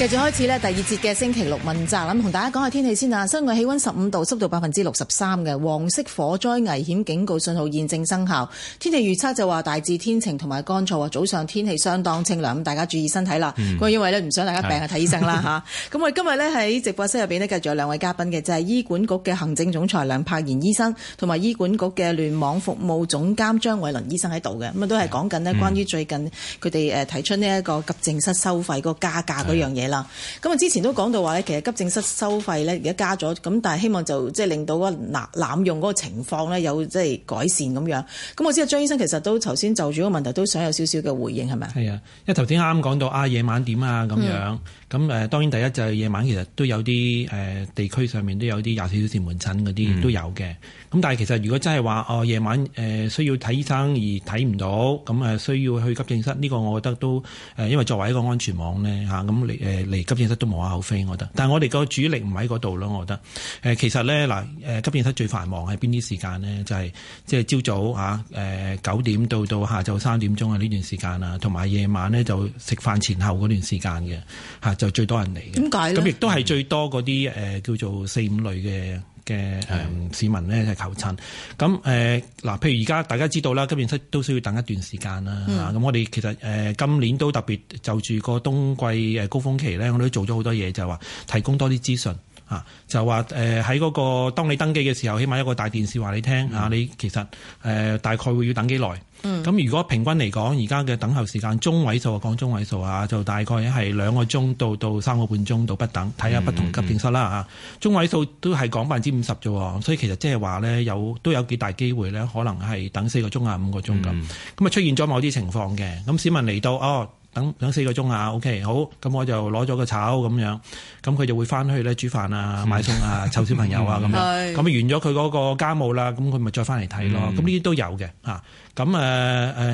繼續開始咧第二節嘅星期六問責，咁同大家講下天氣先啦。室外氣溫十五度，濕度百分之六十三嘅黃色火災危險警告信號現正生效。天氣預測就話大致天晴同埋乾燥啊，早上天氣相當清涼，咁大家注意身體啦。咁、嗯、因為呢，唔想大家病啊睇的醫生啦吓。咁我哋今日呢，喺直播室入邊咧，繼續有兩位嘉賓嘅，就係、是、醫管局嘅行政總裁梁栢賢醫生同埋醫管局嘅聯網服務總監張偉麟醫生喺度嘅。咁啊都係講緊咧關於最近佢哋誒提出呢一個急症室收費嗰個加價嗰樣嘢啦，咁啊之前都講到話咧，其實急症室收費咧而家加咗，咁但係希望就即係令到嗰個濫用嗰個情況咧有即係改善咁樣。咁我知道張醫生其實都頭先就住個問題都想有少少嘅回應係咪？係啊，因為頭先啱啱講到啊夜晚點啊咁樣，咁誒、嗯、當然第一就係、是、夜晚其實都有啲誒地區上面都有啲廿四小時門診嗰啲都有嘅。嗯咁但係其實如果真係話哦夜晚誒、呃、需要睇醫生而睇唔到咁誒、呃、需要去急症室呢、呢個，我覺得都誒、呃、因為作為一個安全網呢，嚇咁嚟誒嚟急症室都無可厚非，我覺得。但係我哋個主力唔喺嗰度咯，我覺得。誒、呃、其實呢，嗱、呃、誒急症室最繁忙係邊啲時間呢？就係即係朝早嚇誒九點到到下晝三點鐘啊呢段時間啊，同埋夜晚呢，就食飯前後嗰段時間嘅嚇、啊、就最多人嚟嘅。點解呢？咁亦都係最多嗰啲誒叫做四五類嘅。嘅誒、嗯、市民呢，就求診，咁誒嗱，譬如而家大家知道啦，今年需都需要等一段時間啦嚇。咁、嗯啊、我哋其實誒、呃、今年都特別就住個冬季誒高峰期咧，我哋都做咗好多嘢，就話、是、提供多啲資訊嚇、啊，就話誒喺嗰個當你登記嘅時候，起碼一個大電視話你聽嚇、啊，你其實誒、呃、大概會要等幾耐。咁、嗯、如果平均嚟講，而家嘅等候時間中位數啊，講中位數啊，就大概係兩個鐘到到三個半鐘到不等，睇下不同急症室啦嚇。嗯嗯、中位數都係講百分之五十啫，所以其實即係話咧，有都有幾大機會咧，可能係等四個鐘啊，五個鐘咁。咁啊、嗯、出現咗某啲情況嘅，咁市民嚟到哦。等等四個鐘啊，OK，好，咁我就攞咗個炒咁樣，咁佢就會返去咧煮飯啊、買餸啊、湊小朋友啊咁樣，咁 是完咗佢嗰個家務啦，咁佢咪再返嚟睇咯。咁呢啲都有嘅啊。咁誒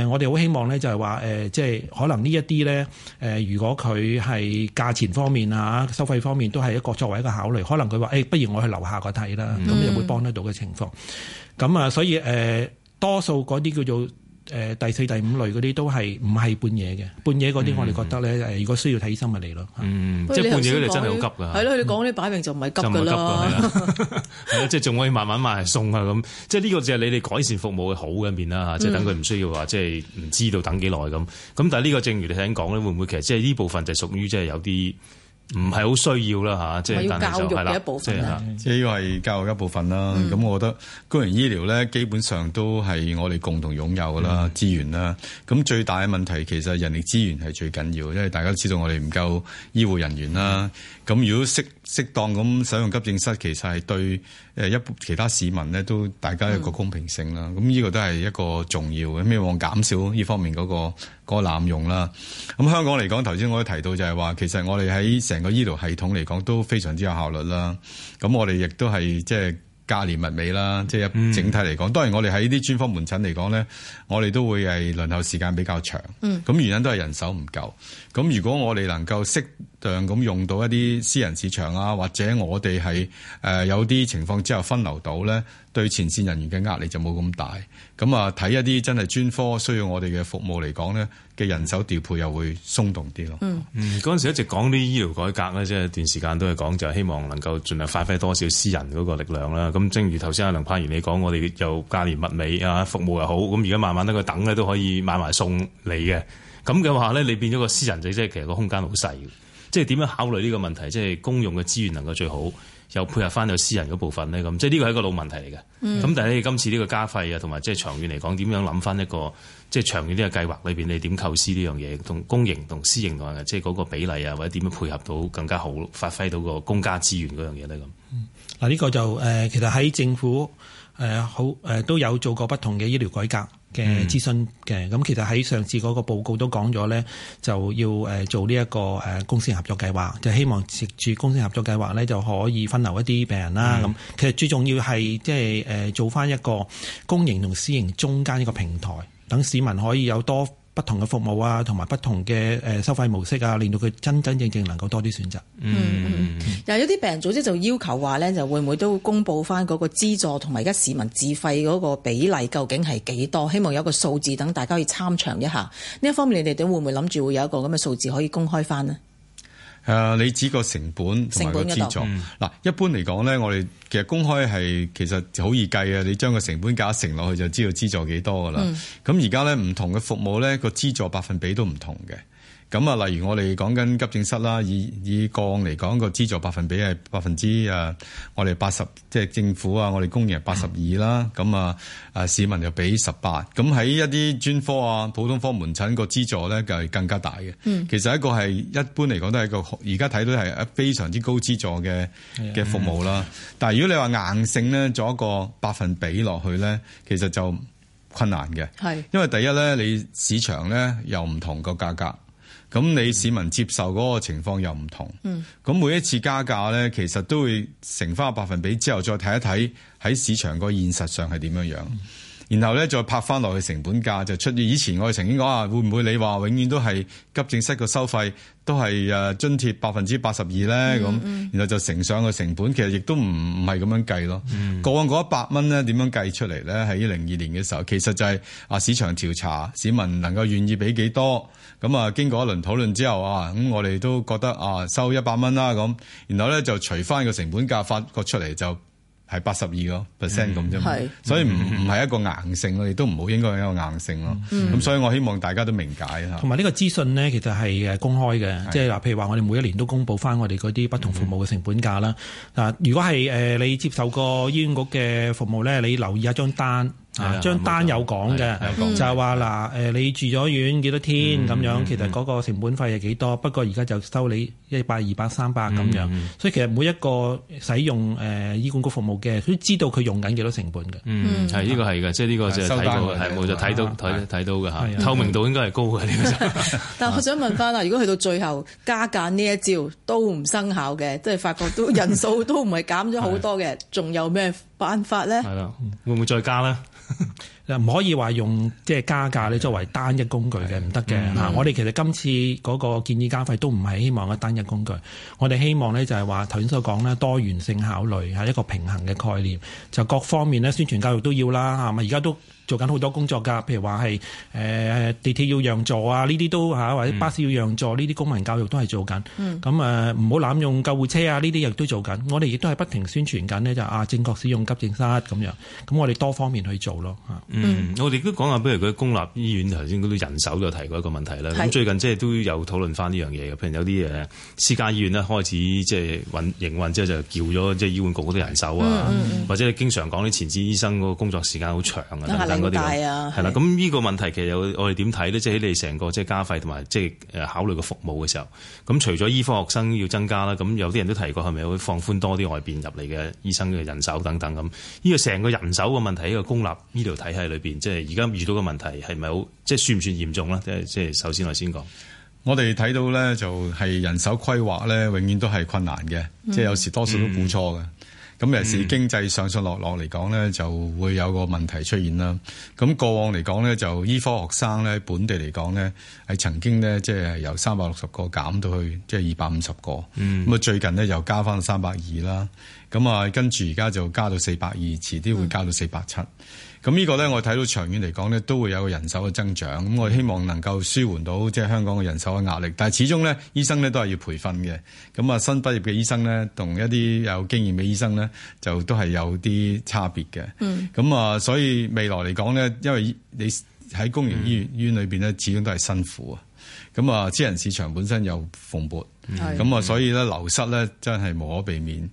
誒，我哋好希望咧，就係話誒，即係可能呢一啲咧，誒、呃，如果佢係價錢方面啊、收費方面都係一個作為一個考慮，可能佢話誒，不如我去樓下個睇啦，咁又 會幫得到嘅情況。咁、嗯、啊，所以誒、呃，多數嗰啲叫做。誒第四、第五類嗰啲都係唔係半夜嘅，半夜嗰啲我哋覺得咧誒，嗯、如果需要睇醫生咪嚟咯。嗯，即係半夜嚟真係好急㗎。係咯、嗯，你講啲擺明就唔係急㗎 啦。係咯，即係仲可以慢慢慢送啊咁。即係呢個就係你哋改善服務嘅好嘅一面啦。即係等佢唔需要話，即係唔知道等幾耐咁。咁但係呢個正如你頭先講咧，會唔會其實即係呢部分就屬於即係有啲。唔係好需要啦吓，即係教育嘅一部分啦，即係呢個係教育嘅一部分啦。咁、嗯、我覺得公營醫療咧，基本上都係我哋共同擁有噶啦資源啦。咁、嗯、最大嘅問題其實人力資源係最緊要，因為大家都知道我哋唔夠醫護人員啦。咁、嗯、如果識。適當咁使用急症室，其實係對誒一其他市民咧都大家有一個公平性啦。咁呢、嗯、個都係一個重要嘅，希望減少呢方面嗰、嗰個、嗰個濫用啦。咁香港嚟講，頭先我都提到就係話，其實我哋喺成個醫療系統嚟講都非常之有效率啦。咁我哋亦都係即係價廉物美啦。即係、嗯、整體嚟講，當然我哋喺啲專科門診嚟講咧，我哋都會係輪候時間比較長。嗯，咁原因都係人手唔夠。咁如果我哋能夠適當咁用到一啲私人市場啊，或者我哋係誒有啲情況之後分流到咧，對前線人員嘅壓力就冇咁大。咁啊，睇一啲真係專科需要我哋嘅服務嚟講咧嘅人手調配又會鬆動啲咯。嗯，嗰陣、嗯、時一直講啲醫療改革咧，即、就、係、是、段時間都係講就係，希望能夠盡量發揮多少私人嗰個力量啦。咁正如頭先阿梁栢賢你講，我哋又價廉物美啊，服務又好。咁而家慢慢呢個等咧，都可以買埋送你嘅。咁嘅話咧，你變咗個私人就即係其實個空間好細，即係點樣考慮呢個問題？即係公用嘅資源能夠最好，又配合翻有私人嗰部分咧咁，即係呢個係一個老問題嚟嘅。咁、嗯、但係你今次呢個加費啊，同埋即係長遠嚟講，點樣諗翻一個即係長遠呢個計劃裏邊，你點構思呢樣嘢？同公營同私營同埋即係嗰個比例啊，或者點樣配合到更加好，發揮到個公家資源嗰樣嘢咧咁。嗱呢、嗯這個就誒、呃，其實喺政府誒好誒都有做過不同嘅醫療改革。嘅諮詢嘅，咁、嗯、其實喺上次嗰個報告都講咗呢，就要誒做呢一個誒公私合作計劃，就是、希望藉住公私合作計劃呢，就可以分流一啲病人啦。咁、嗯、其實最重要係即係誒做返一個公營同私營中間一個平台，等市民可以有多。不同嘅服務啊，同埋不同嘅誒收費模式啊，令到佢真真正正能夠多啲選擇。嗯嗯嗯。又有啲病人組織就要求話咧，就會唔會都公佈翻嗰個資助同埋而家市民自費嗰個比例究竟係幾多？希望有一個數字等大家去參詳一下。呢一方面，你哋都會唔會諗住會有一個咁嘅數字可以公開翻呢？誒，你指個成本同埋個資助，嗱一般嚟講咧，我哋其實公開係其實好易計啊！你將個成本價乘落去，就知道資助幾多噶啦。咁而家咧唔同嘅服務咧，個資助百分比都唔同嘅。咁啊，例如我哋講緊急症室啦，以以個案嚟講，個資助百分比係百分之誒，我哋八十，即係政府啊，我哋公營八十二啦。咁啊，誒，市民就俾十八。咁喺一啲專科啊、普通科門診個資助咧，就係更加大嘅。嗯、其實一個係一般嚟講都係一個而家睇到係非常之高資助嘅嘅、嗯、服務啦。但係如果你話硬性咧做一個百分比落去咧，其實就困難嘅。係是因為第一咧，你市場咧又唔同個價格。咁你市民接受嗰個情況又唔同。嗯、咁每一次加價咧，其實都會乘翻個百分比之後再睇一睇喺市場個現實上係點樣樣。嗯然後咧再拍翻落去成本價就出。以前我哋曾經講啊，會唔會你話永遠都係急症室嘅收費都係誒津貼百分之八十二咧咁，呢 mm hmm. 然後就乘上個成本，其實亦都唔唔係咁樣計咯。Mm hmm. 個案嗰一百蚊咧點樣計出嚟咧？喺零二年嘅時候，其實就係啊市場調查，市民能夠願意俾幾多咁啊？經過一輪討論之後啊，咁我哋都覺得啊收一百蚊啦咁，然後咧就除翻個成本價發覺出嚟就。係八十二個 percent 咁啫嘛，嗯、所以唔唔係一個硬性咯，亦都唔好應該係一個硬性咯。咁、嗯、所以我希望大家都明解啊。同埋呢個資訊呢，其實係誒公開嘅，即係嗱，譬如話我哋每一年都公布翻我哋嗰啲不同服務嘅成本價啦。嗱、嗯，如果係誒你接受過醫院局嘅服務咧，你留意一張單。啊，張單有講嘅，就係話嗱，誒你住咗院幾多天咁樣，其實嗰個成本費係幾多？不過而家就收你一百、二百、三百咁樣，所以其實每一個使用誒醫管局服務嘅，都知道佢用緊幾多成本嘅。嗯，係呢個係嘅，即係呢個就係睇到嘅，係冇就睇到睇睇到嘅嚇，透明度應該係高嘅呢個。但係我想問翻啦，如果去到最後加價呢一招都唔生效嘅，即係發覺都人數都唔係減咗好多嘅，仲有咩辦法咧，係啦， 會，唔會再加咧？ 唔可以話用即係加價咧作為單一工具嘅，唔得嘅。嗱、嗯，我哋其實今次嗰個建議加費都唔係希望一個單一工具，我哋希望咧就係話頭先所講咧多元性考慮係一個平衡嘅概念，就各方面咧宣傳教育都要啦嚇。而家都做緊好多工作㗎，譬如話係誒地鐵要讓座啊，呢啲都嚇或者巴士要讓座，呢啲公民教育都係做緊。咁啊唔好濫用救護車啊，呢啲亦都做緊。我哋亦都係不停宣傳緊呢，就啊正確使用急症室咁樣。咁我哋多方面去做咯嚇。嗯，嗯我哋都講下，譬如佢公立醫院頭先嗰啲人手又提過一個問題啦。咁是最近即係都有討論翻呢樣嘢嘅，譬如有啲誒私家醫院咧開始即係運營運之後就叫咗即係醫管局嗰啲人手啊，嗯嗯嗯或者經常講啲前線醫生嗰個工作時間好長啊等等嗰啲咯。係啦、嗯嗯，咁呢、嗯嗯、個問題其實有我哋點睇咧，即、就、喺、是、你成個即係加費同埋即係誒考慮個服務嘅時候，咁除咗醫科學生要增加啦，咁有啲人都提過係咪會放寬多啲外邊入嚟嘅醫生嘅人手等等咁。呢、那個成個人手嘅問題呢個公立醫療體系。裏邊即係而家遇到嘅問題係咪好，即係算唔算嚴重咧？即係即係首先我先講，我哋睇到咧就係、是、人手規劃咧，永遠都係困難嘅。嗯、即係有時多數都估錯嘅。咁尤其經濟上上落落嚟講咧，就會有個問題出現啦。咁過往嚟講咧，就醫科學生咧，本地嚟講咧，係曾經咧，即係由三百六十個減到去即係二百五十個。咁啊、嗯，最近咧又加翻三百二啦。咁啊，跟住而家就加到四百二，遲啲會加到四百七。咁呢個咧，我睇到長遠嚟講咧，都會有個人手嘅增長。咁我希望能夠舒緩到即係香港嘅人手嘅壓力。但係始終咧，醫生咧都係要培訓嘅。咁啊，新畢業嘅醫生咧，同一啲有經驗嘅醫生咧，就都係有啲差別嘅。咁啊，所以未來嚟講咧，因為你喺公營醫院、嗯、醫院裏邊咧，始終都係辛苦啊。咁啊，私人市場本身有蓬勃，咁啊、嗯，所以咧流失咧真係無可避免。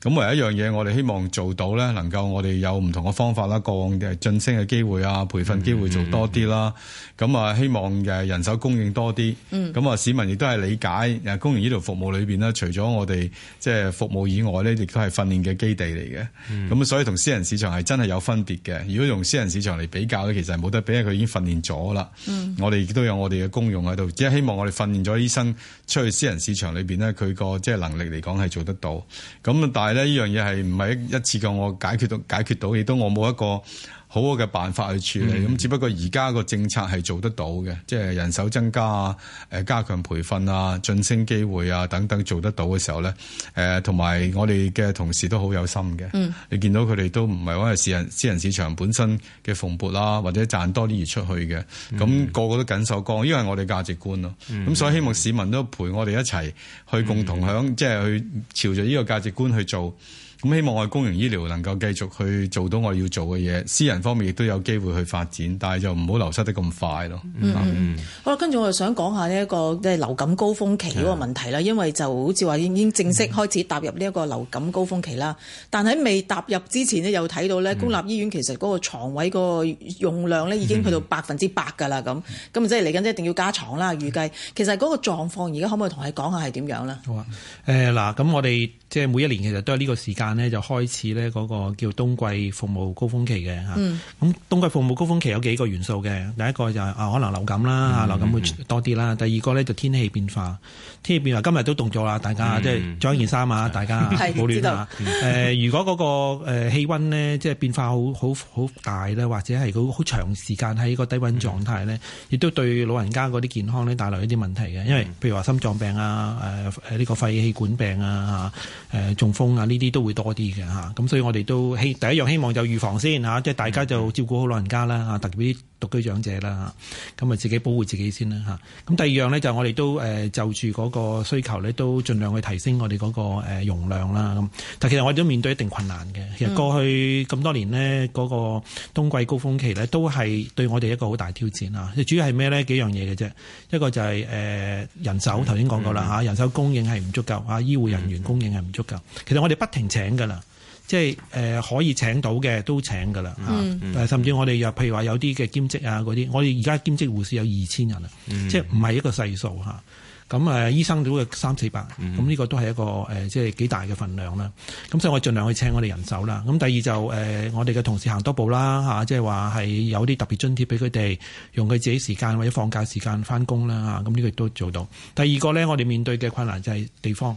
咁唯一樣嘢，我哋希望做到咧，能夠我哋有唔同嘅方法啦，過往嘅晉升嘅機會啊，培訓機會做多啲啦。咁啊、嗯，希望誒人手供應多啲。咁啊、嗯，市民亦都係理解誒，公營醫療服務裏邊咧，除咗我哋即係服務以外咧，亦都係訓練嘅基地嚟嘅。咁、嗯、所以同私人市場係真係有分別嘅。如果用私人市場嚟比較咧，其實係冇得比，佢已經訓練咗啦。嗯、我哋亦都有我哋嘅公用喺度，即係希望我哋訓練咗醫生出去私人市場裏邊咧，佢個即係能力嚟講係做得到。咁但係咧，呢樣嘢係唔係一次過我解決到解決到，亦都我冇一個，好嘅辦法去處理，咁、嗯、只不過而家個政策係做得到嘅，即、就、係、是、人手增加啊，誒加強培訓啊，晉升機會啊等等做得到嘅時候咧，誒同埋我哋嘅同事都好有心嘅。嗯、你見到佢哋都唔係話私人私人市場本身嘅蓬勃啦，或者賺多啲而出去嘅，咁、嗯、個個都緊守崗，因為我哋價值觀咯。咁、嗯、所以希望市民都陪我哋一齊去共同響，即係、嗯、去朝著呢個價值觀去做。咁希望我哋公營醫療能夠繼續去做到我要做嘅嘢，私人方面亦都有機會去發展，但係就唔好流失得咁快咯。好啦，跟住我就想講下呢一個即係流感高峰期嗰個問題啦，的因為就好似話已經正式開始踏入呢一個流感高峰期啦。嗯、但喺未踏入之前咧，又睇到呢公立醫院其實嗰個床位嗰個用量呢已經去到百分之百噶啦咁，咁、嗯嗯、即係嚟緊一定要加床啦。預計、嗯、其實嗰個狀況而家可唔可以同你講下係點樣呢？好啊，誒、呃、嗱，咁我哋即係每一年其實都係呢個時間。咧就開始咧嗰個叫冬季服務高峰期嘅嚇，咁冬季服務高峰期有幾個元素嘅。第一個就係啊，可能流感啦，流感會多啲啦。第二個咧就天氣變化，天氣變化今日都凍咗啦，大家即係着一件衫啊，大家保暖啊。誒， 知 如果嗰個誒氣温咧即係變化好好好大咧，或者係好好長時間喺個低温狀態咧，亦都對老人家嗰啲健康咧帶來一啲問題嘅。因為譬如話心臟病啊、誒誒呢個肺氣管病啊、誒中風啊呢啲都會多啲嘅吓，咁所以我哋都希第一樣希望就預防先吓，即係大家就照顧好老人家啦吓，特別啲獨居長者啦吓，咁啊自己保護自己先啦吓，咁第二樣咧就我哋都誒、呃、就住嗰個需求咧，都盡量去提升我哋嗰個誒容量啦咁。但其實我哋都面對一定困難嘅。其實過去咁多年咧，嗰、那個冬季高峰期咧都係對我哋一個好大挑戰啊！即主要係咩咧？幾樣嘢嘅啫。一個就係、是、誒、呃、人手，頭先講過啦吓，人手供應係唔足夠啊，醫護人員供應係唔足夠。其實我哋不停請噶啦，即係誒可以請到嘅都請噶啦吓，但係、嗯、甚至我哋又譬如話有啲嘅兼職啊嗰啲，我哋而家兼職護士有二千人啊，嗯、即係唔係一個細數吓。咁誒醫生都嘅三四百，咁呢個都係一個誒即係幾大嘅份量啦。咁所以我盡量去請我哋人手啦。咁第二就誒、是呃、我哋嘅同事行多步啦吓、啊，即係話係有啲特別津貼俾佢哋，用佢自己時間或者放假時間翻工啦吓。咁呢個亦都做到。第二個咧，我哋面對嘅困難就係地方，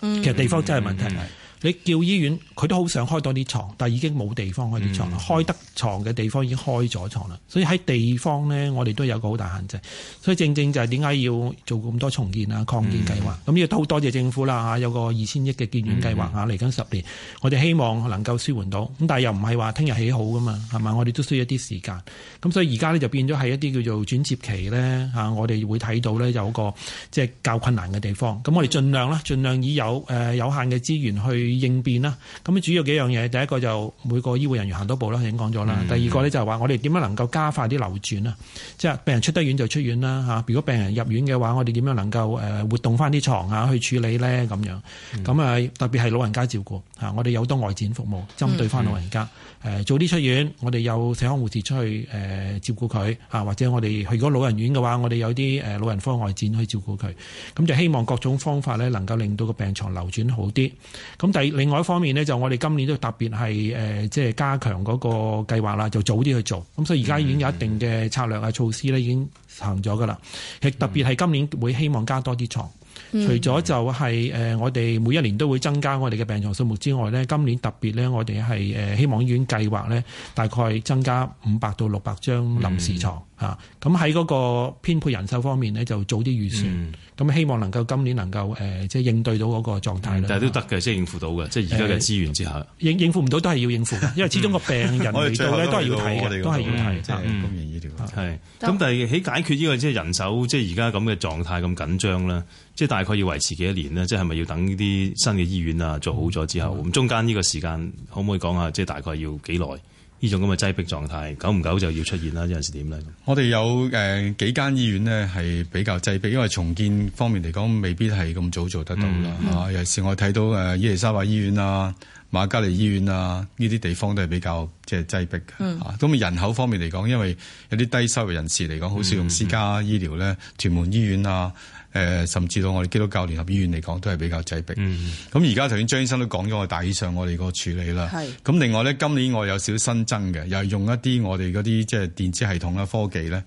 嗯、其實地方真係問題。嗯嗯你叫醫院，佢都好想多開多啲床，但係已經冇地方開啲床。嗯、開得床嘅地方已經開咗床啦。所以喺地方咧，我哋都有個好大限制。所以正正就係點解要做咁多重建啊、擴建計劃？咁亦都好多謝政府啦嚇，有個二千億嘅建院計劃嚇，嚟、啊、緊十年，我哋希望能夠舒緩到。咁但係又唔係話聽日起好噶嘛，係嘛？我哋都需要一啲時間。咁所以而家咧就變咗係一啲叫做轉接期咧嚇、啊，我哋會睇到咧有個即係較困難嘅地方。咁我哋儘量啦，儘量以有誒、呃、有限嘅資源去應變啦，咁主要幾樣嘢，第一個就每個醫護人員行多步啦，已經講咗啦。第二個呢，就係話，我哋點樣能夠加快啲流轉啊？即係病人出得院就出院啦嚇。如果病人入院嘅話，我哋點樣能夠誒活動翻啲床啊去處理呢？咁樣？咁啊特別係老人家照顧嚇，我哋有好多外展服務針對翻老人家誒早啲出院，我哋有社康護士出去誒照顧佢嚇，或者我哋去如果老人院嘅話，我哋有啲誒老人科外展去照顧佢。咁就希望各種方法呢，能夠令到個病床流轉好啲。咁係另外一方面咧，就我哋今年都特別係誒，即係加強嗰個計劃啦，就早啲去做。咁所以而家已經有一定嘅策略啊措施咧，已經行咗噶啦。亦特別係今年會希望加多啲床，除咗就係誒我哋每一年都會增加我哋嘅病床數目之外咧，今年特別咧，我哋係誒希望醫院計劃咧，大概增加五百到六百張臨時床。啊，咁喺嗰個編配人手方面呢，就早啲預算，咁希望能夠今年能夠誒，即係應對到嗰個狀態。但係都得嘅，即係應付到嘅，即係而家嘅資源之下。應應付唔到都係要應付，因為始終個病人嚟都係要睇嘅，都係要睇。嗯。係。咁但係喺解決呢個即係人手，即係而家咁嘅狀態咁緊張啦，即係大概要維持幾多年呢？即係係咪要等呢啲新嘅醫院啊做好咗之後？咁中間呢個時間可唔可以講下？即係大概要幾耐？呢種咁嘅擠迫狀態，久唔久就要出現啦。依陣時點咧？我哋有誒、呃、幾間醫院咧係比較擠迫，因為重建方面嚟講未必係咁早做得到啦、嗯嗯啊。尤其是我睇到誒伊利沙伯醫院啊、瑪嘉烈醫院啊，呢啲地方都係比較即係擠迫嘅。嚇、嗯，咁、啊、人口方面嚟講，因為有啲低收入人士嚟講，好少用私家、嗯嗯、醫療咧，屯門醫院啊。誒，甚至到我哋基督教聯合醫院嚟講，都係比較擠迫。咁而家頭先張醫生都講咗，我大以上我哋嗰個處理啦。咁是另外咧，今年我有少少新增嘅，又係用一啲我哋嗰啲即係電子系統啦、科技咧，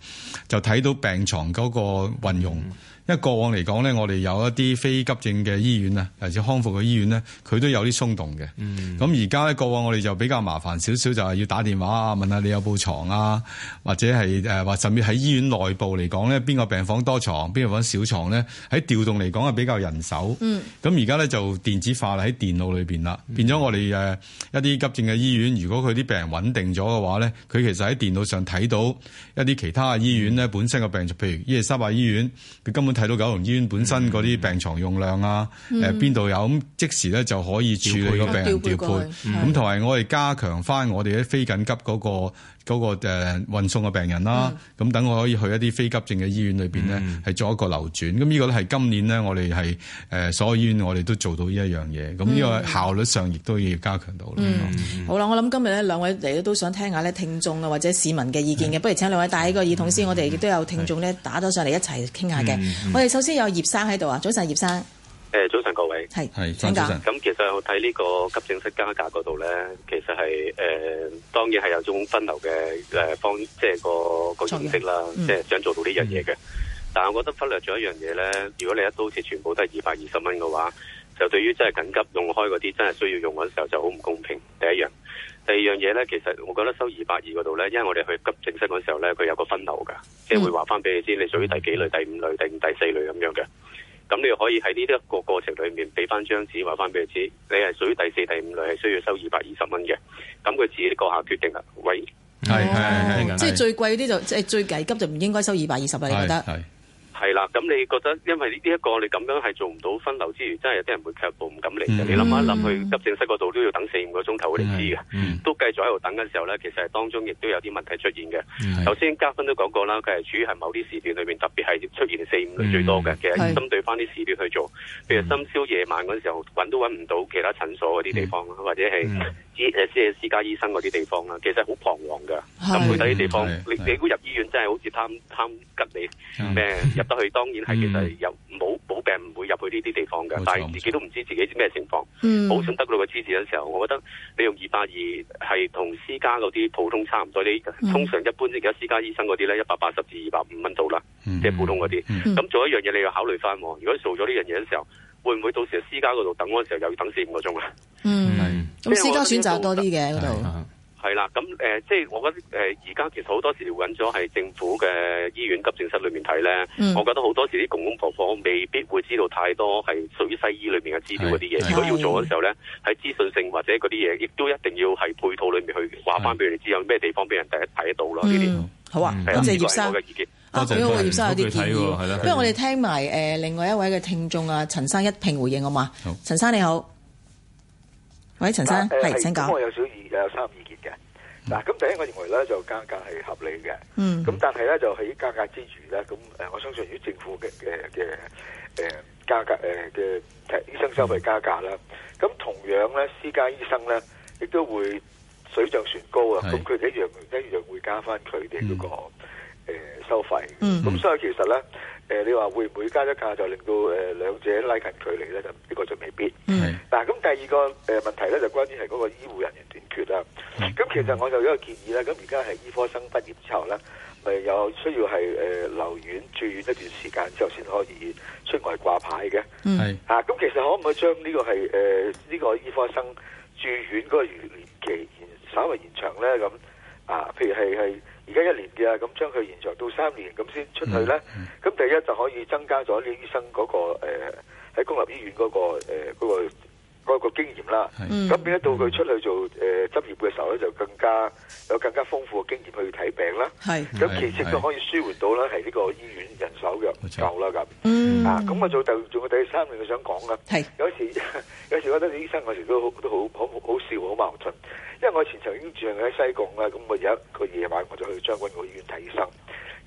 就睇到病床嗰個運用。嗯因為過往嚟講咧，我哋有一啲非急症嘅醫院啊，尤其是康復嘅醫院咧，佢都有啲鬆動嘅。咁而家咧，過往我哋就比較麻煩少少，就係、是、要打電話啊，問下你有冇床啊，或者係誒或甚至喺醫院內部嚟講咧，邊個病房多床，邊個房少床咧？喺調動嚟講係比較人手。咁而家咧就電子化啦，喺電腦裏邊啦，變咗我哋誒一啲急症嘅醫院，如果佢啲病人穩定咗嘅話咧，佢其實喺電腦上睇到一啲其他嘅醫院咧、嗯、本身嘅病，譬如伊利沙伯醫院，佢根本。睇到九龍醫院本身嗰啲病床用量啊，誒，邊度有咁即時咧，就可以處理個病人調配，咁同埋我哋加強翻我哋啲非緊急嗰個。嗰個誒運送嘅病人啦，咁等、嗯、我可以去一啲非急症嘅醫院裏邊呢，係、嗯、做一個流轉。咁呢個咧係今年呢，我哋係誒所有醫院我哋都做到呢一樣嘢。咁呢個效率上亦都要加強到。嗯，嗯好啦，我諗今日呢，兩位嚟都想聽下呢聽，聽，聽眾啊或者市民嘅意見嘅，是不如請兩位戴起個耳筒先，嗯、我哋都有聽眾呢打咗上嚟一齊傾下嘅。嗯嗯、我哋首先有葉生喺度啊，早晨葉生。誒、呃，早晨各位，係係是，早晨上。咁其實我睇呢個急症室加價嗰度咧，其實係誒、呃，當然係有種分流嘅誒、呃、方，即、就、係、是、個個業形式啦，即係想做到呢樣嘢嘅。嗯、但係我覺得忽略咗一樣嘢咧，如果你一刀切全部都係二百二十蚊嘅話，就對於真係緊急用開嗰啲真係需要用嗰時候就好唔公平。第一樣，第二樣嘢咧，其實我覺得收二百二嗰度咧，因為我哋去急症室嗰時候咧，佢有個分流㗎，即係、嗯嗯、會話翻俾你知你、你、你屬於第幾類、第五類定第、第、第、第四類咁樣嘅。咁你可以喺呢一個過程裏面俾翻張紙話翻俾佢知，你係屬於第四、第五類，係需要收二百二十蚊嘅。咁佢自己個下決定啦。喂、哦，係係係，即係最貴啲就即係最緊急就唔應該收二百二十啦。係，你覺得？係啦，咁你覺得因為呢、這、一個你咁樣係做唔到分流之餘，真係有啲人會卻步唔敢嚟嘅。嗯、你諗下，諗、嗯，去急症室嗰度都要等四五個鐘頭，我哋知嘅。嗯、都繼續喺度等嘅時候呢，其實係當中亦都有啲問題出現嘅。頭先、嗯、嘉賓都講過啦，佢係處於係某啲時段裏面，特別係出現四五類最多嘅。嗯、其實針對翻啲時段去做，譬、嗯、如深宵夜晚嗰陣時候，揾都揾唔到其他診所嗰啲地方或者係。嗯啲誒即係私家醫生嗰啲地方啦，其實好彷徨噶。咁去睇啲地方，你你如果入醫院，真係好似貪貪吉利咩？入得去當然係，其實入冇冇病唔會入去呢啲地方嘅。但係自己都唔知自己咩情況。好想得到個支持嘅時候，我覺得你用二百二係同私家嗰啲普通差唔多。你通常一般而家私家醫生嗰啲咧，一百八十至二百五蚊到啦，即係普通嗰啲。咁做一樣嘢，你要考慮翻。如果做咗呢樣嘢嘅時候。會唔會到時喺私家嗰度等嗰時候又要等四五個鐘啊？嗯，咁私家選擇多啲嘅嗰度係啦。咁誒，即係我覺得誒，而家其實好多時揾咗係政府嘅醫院急症室裏面睇咧。我覺得好多時啲公公婆婆未必會知道太多係屬於西醫裏面嘅資料嗰啲嘢。如果要做嘅時候咧，喺資訊性或者嗰啲嘢，亦都一定要係配套裏面去話翻俾人知，有咩地方俾人第一睇得到咯。呢啲好啊！我嘅意見。啊，佢個葉生有啲建議。不如我哋聽埋誒另外一位嘅聽眾啊，陳生一評回應好嘛。陳生你好，喂，陳生係，請講。咁我有少意，有三意見嘅。嗱，咁第一，我認為咧就加價係合理嘅。嗯。咁但係咧就喺加價之餘咧，咁誒我相信如果政府嘅嘅嘅誒加價誒嘅醫生收費加價啦，咁同樣咧私家醫生咧亦都會水漲船高啊。咁佢哋一樣一樣會加翻佢哋嗰誒收費，咁、嗯、所以其實咧，誒、呃、你話會唔會加一價就令到誒、呃、兩者拉近距離咧？就、這、呢個就未必。但係咁第二個誒、呃、問題咧，就關於係嗰個醫護人員短缺啦、啊。咁、嗯、其實我有一個建議咧，咁而家係醫科生畢業之後咧，咪、呃、有需要係誒、呃、留院住院一段時間之後先可以出外掛牌嘅。係、嗯、啊，咁其實可唔可以將呢個係誒呢個醫科生住院嗰個年期稍為延長咧？咁啊，譬如係係。而家一年嘅咁，將佢延長到三年咁先出去咧。咁 第一就可以增加咗啲醫生嗰、嗰個誒，喺、呃、公立醫院嗰個誒嗰個。呃嗰個各個經驗啦，咁是變得到佢出去做誒執、呃、業嘅時候咧，就更加有更加豐富嘅經驗去睇病啦。係咁是，其實佢是可以舒緩到啦，係呢個醫院人手嘅唔夠啦咁。是嗯，咁我做第仲個第三樣嘢想講噶。係是有時有時覺得醫生有時都好都好好好笑好矛盾，因為我以前曾經住喺西貢啦，咁我有一個夜晚我就去將軍澳醫院睇醫生，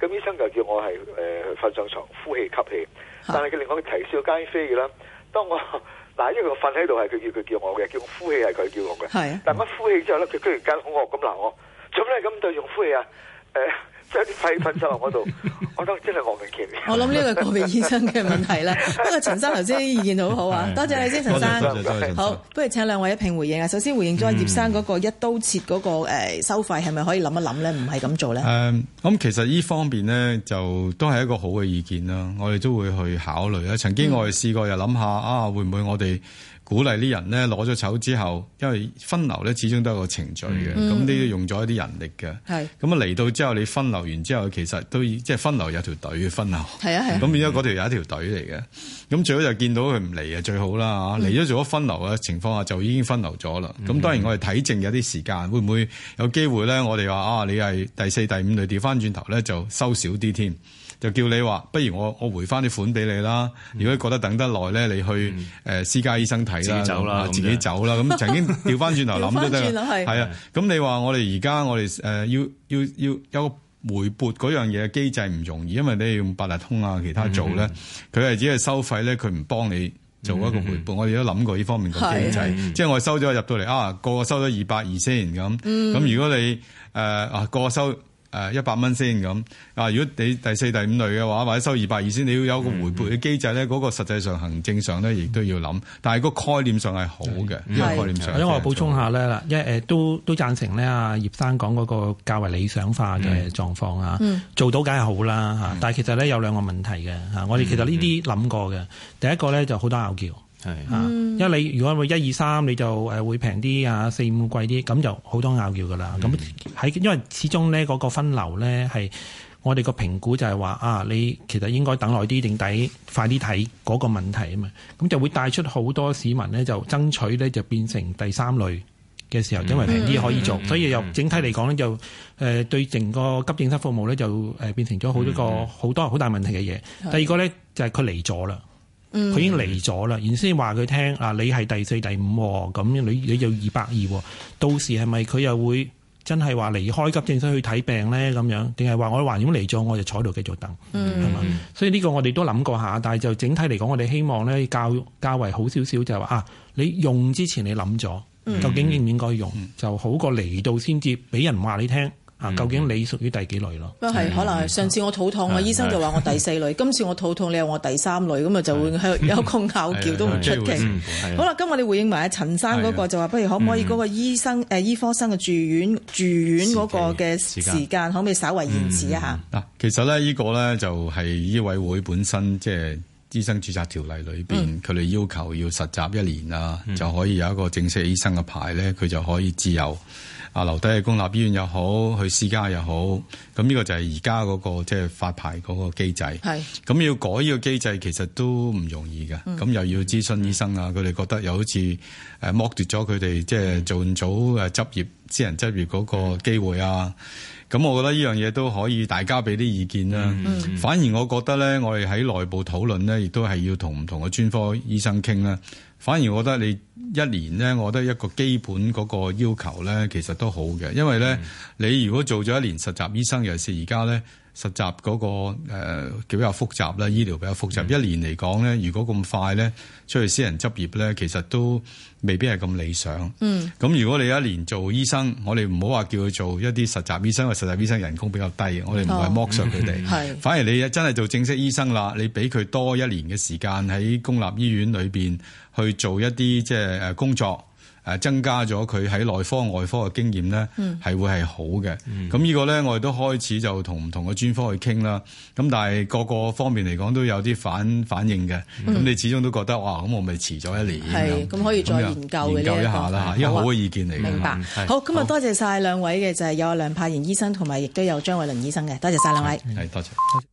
咁醫生就叫我係誒瞓上床呼氣吸氣，但係佢令我啼笑皆非嘅啦，當我，當我當我嗱，因為我瞓喺度係佢叫佢叫我嘅，叫我呼氣係佢叫我嘅。係、啊，但係我呼氣之後咧，佢突然間好惡咁鬧我，做咩咁對住呼氣啊？誒、哎。即係啲批分就喺度， 我都真係莫名其妙。我諗呢個係個別醫生嘅問題啦。 不過陳生頭先意見好好啊，的多謝你先。陳生。好，不如請兩位一拼回應啊。首先回應咗葉生嗰個一刀切嗰個收費係咪可以諗一諗咧？唔係咁做咧？誒、嗯，咁、嗯嗯、其實呢方面咧就都係一個好嘅意見啦。我哋都會去考慮啊。曾經我哋試過又諗下啊，會唔會我哋？鼓勵啲人咧攞咗籌之後，因為分流咧始終都係個程序嘅，咁都要用咗一啲人力嘅。係是，咁啊嚟到之後，你分流完之後，其實都即係分流有條隊分流。係啊係。咁、啊、變咗嗰條有一條隊嚟嘅，咁、嗯、最好就見到佢唔嚟嘅最好啦嚇，嚟咗、嗯、做咗分流嘅情況下就已經分流咗啦。咁、嗯、當然我哋睇剩有啲時間，會唔會有機會咧？我哋話啊，你係第四、第五類，掉翻轉頭咧，就收少啲添。就叫你話，不如我我回翻啲款俾你啦。如果你覺得等得耐咧，你去誒私家醫生睇啦，自己走啦，自己走啦。咁曾經調翻轉頭諗都得啦。係啊，咁你話我哋而家我哋誒要要要有個回撥嗰樣嘢嘅機制唔容易，因為你用八達通啊其他做咧，佢係只係收費咧，佢唔幫你做一個回撥。我哋都諗過呢方面嘅機制，即係我收咗入到嚟啊，個個收咗二百二先咁。咁如果你誒啊個個收。誒一百蚊先咁啊！如果你第四、第五類嘅話，或者收二百二先，你要有個回撥嘅機制咧，嗰、嗯、個實際上、行政上咧，亦都要諗。但係個概念上係好嘅，對概念上。因為我補充下咧啦，一誒都都贊成咧啊，葉生講嗰個較為理想化嘅狀況啊，嗯、做到梗係好啦嚇。但係其實咧有兩個問題嘅嚇，嗯、我哋其實呢啲諗過嘅，嗯嗯、第一個咧就好多拗撬。係啊，因為你如果會一二三你就誒會平啲啊，四五貴啲，咁就好多拗撬㗎喇。咁喺因為始終咧嗰個分流咧係我哋個評估就係話啊，你其實應該等耐啲定底快啲睇嗰個問題啊嘛，咁就會帶出好多市民咧就爭取咧就變成第三類嘅時候，因為平啲可以做，所以又整體嚟講咧就誒對整個急症室服務咧就誒變成咗好多個好多好大問題嘅嘢。第二個咧就係佢嚟咗啦。佢、嗯、已經嚟咗啦，然先話佢聽啊，你係第四第五咁，你你有二百二，到時係咪佢又會真係話離開急症室去睇病咧？咁樣定係話我還咁嚟咗，我就坐喺度繼續等，係嘛、嗯？所以呢個我哋都諗過下，但係就整體嚟講，我哋希望咧較較為好少少、就是，就話啊，你用之前你諗咗，究竟應唔應該用，嗯、就好過嚟到先至俾人話你聽。究竟你屬於第幾類咯？都係可能係上次我肚痛，個醫生就話我第四類，今次我肚痛，你有我第三類，咁啊就會有個拗叫都唔出奇。好啦，今日你回應埋阿陳生嗰個，就話不如可唔可以嗰個醫生誒醫科生嘅住院住院嗰個嘅時間可唔可以稍為延遲一下？嗱，其實咧呢個咧就係醫委會本身即係醫生註冊條例裏邊，佢哋要求要實習一年啊，就可以有一個正式醫生嘅牌咧，佢就可以自由。啊，留低去公立醫院又好，去私家又好，咁、這、呢個就係而家嗰個即係、就是、發牌嗰個機制。係是，咁要改呢個機制其實都唔容易嘅。咁、嗯、又要諮詢醫生啊，佢哋覺得又好似誒剝奪咗佢哋即係盡早誒執業私人執業嗰個機會啊。咁、嗯、我覺得呢樣嘢都可以大家俾啲意見啦、啊。嗯、反而我覺得咧，我哋喺內部討論咧，亦都係要同唔同嘅專科醫生傾啦、啊。反而我覺得你一年咧，我覺得一個基本嗰個要求咧，其實都好嘅，因為咧，嗯、你如果做咗一年實習醫生，尤其是呢，而家咧。實習嗰個叫、呃、比較複雜啦，醫療比較複雜。嗯、一年嚟講咧，如果咁快咧出去私人執業咧，其實都未必係咁理想。嗯，咁如果你一年做醫生，我哋唔好話叫佢做一啲實習醫生，因為實習醫生人工比較低，我哋唔係剝削佢哋，係、嗯、反而你真係做正式醫生啦，你俾佢多一年嘅時間喺公立醫院裏邊去做一啲即係誒工作。誒增加咗佢喺內科、外科嘅經驗咧，係會係好嘅。咁呢個咧，我哋都開始就同唔同嘅專科去傾啦。咁但係各個方面嚟講都有啲反反應嘅。咁、嗯、你始終都覺得哇，咁我咪遲咗一年。係，咁可以再研究嘅呢一下個，因為好嘅意見嚟。嘅、啊。明白。好，咁啊，多謝晒兩位嘅，就係有阿梁栢賢醫生同埋，亦都有張偉麟醫生嘅。多謝晒兩位。係，多謝。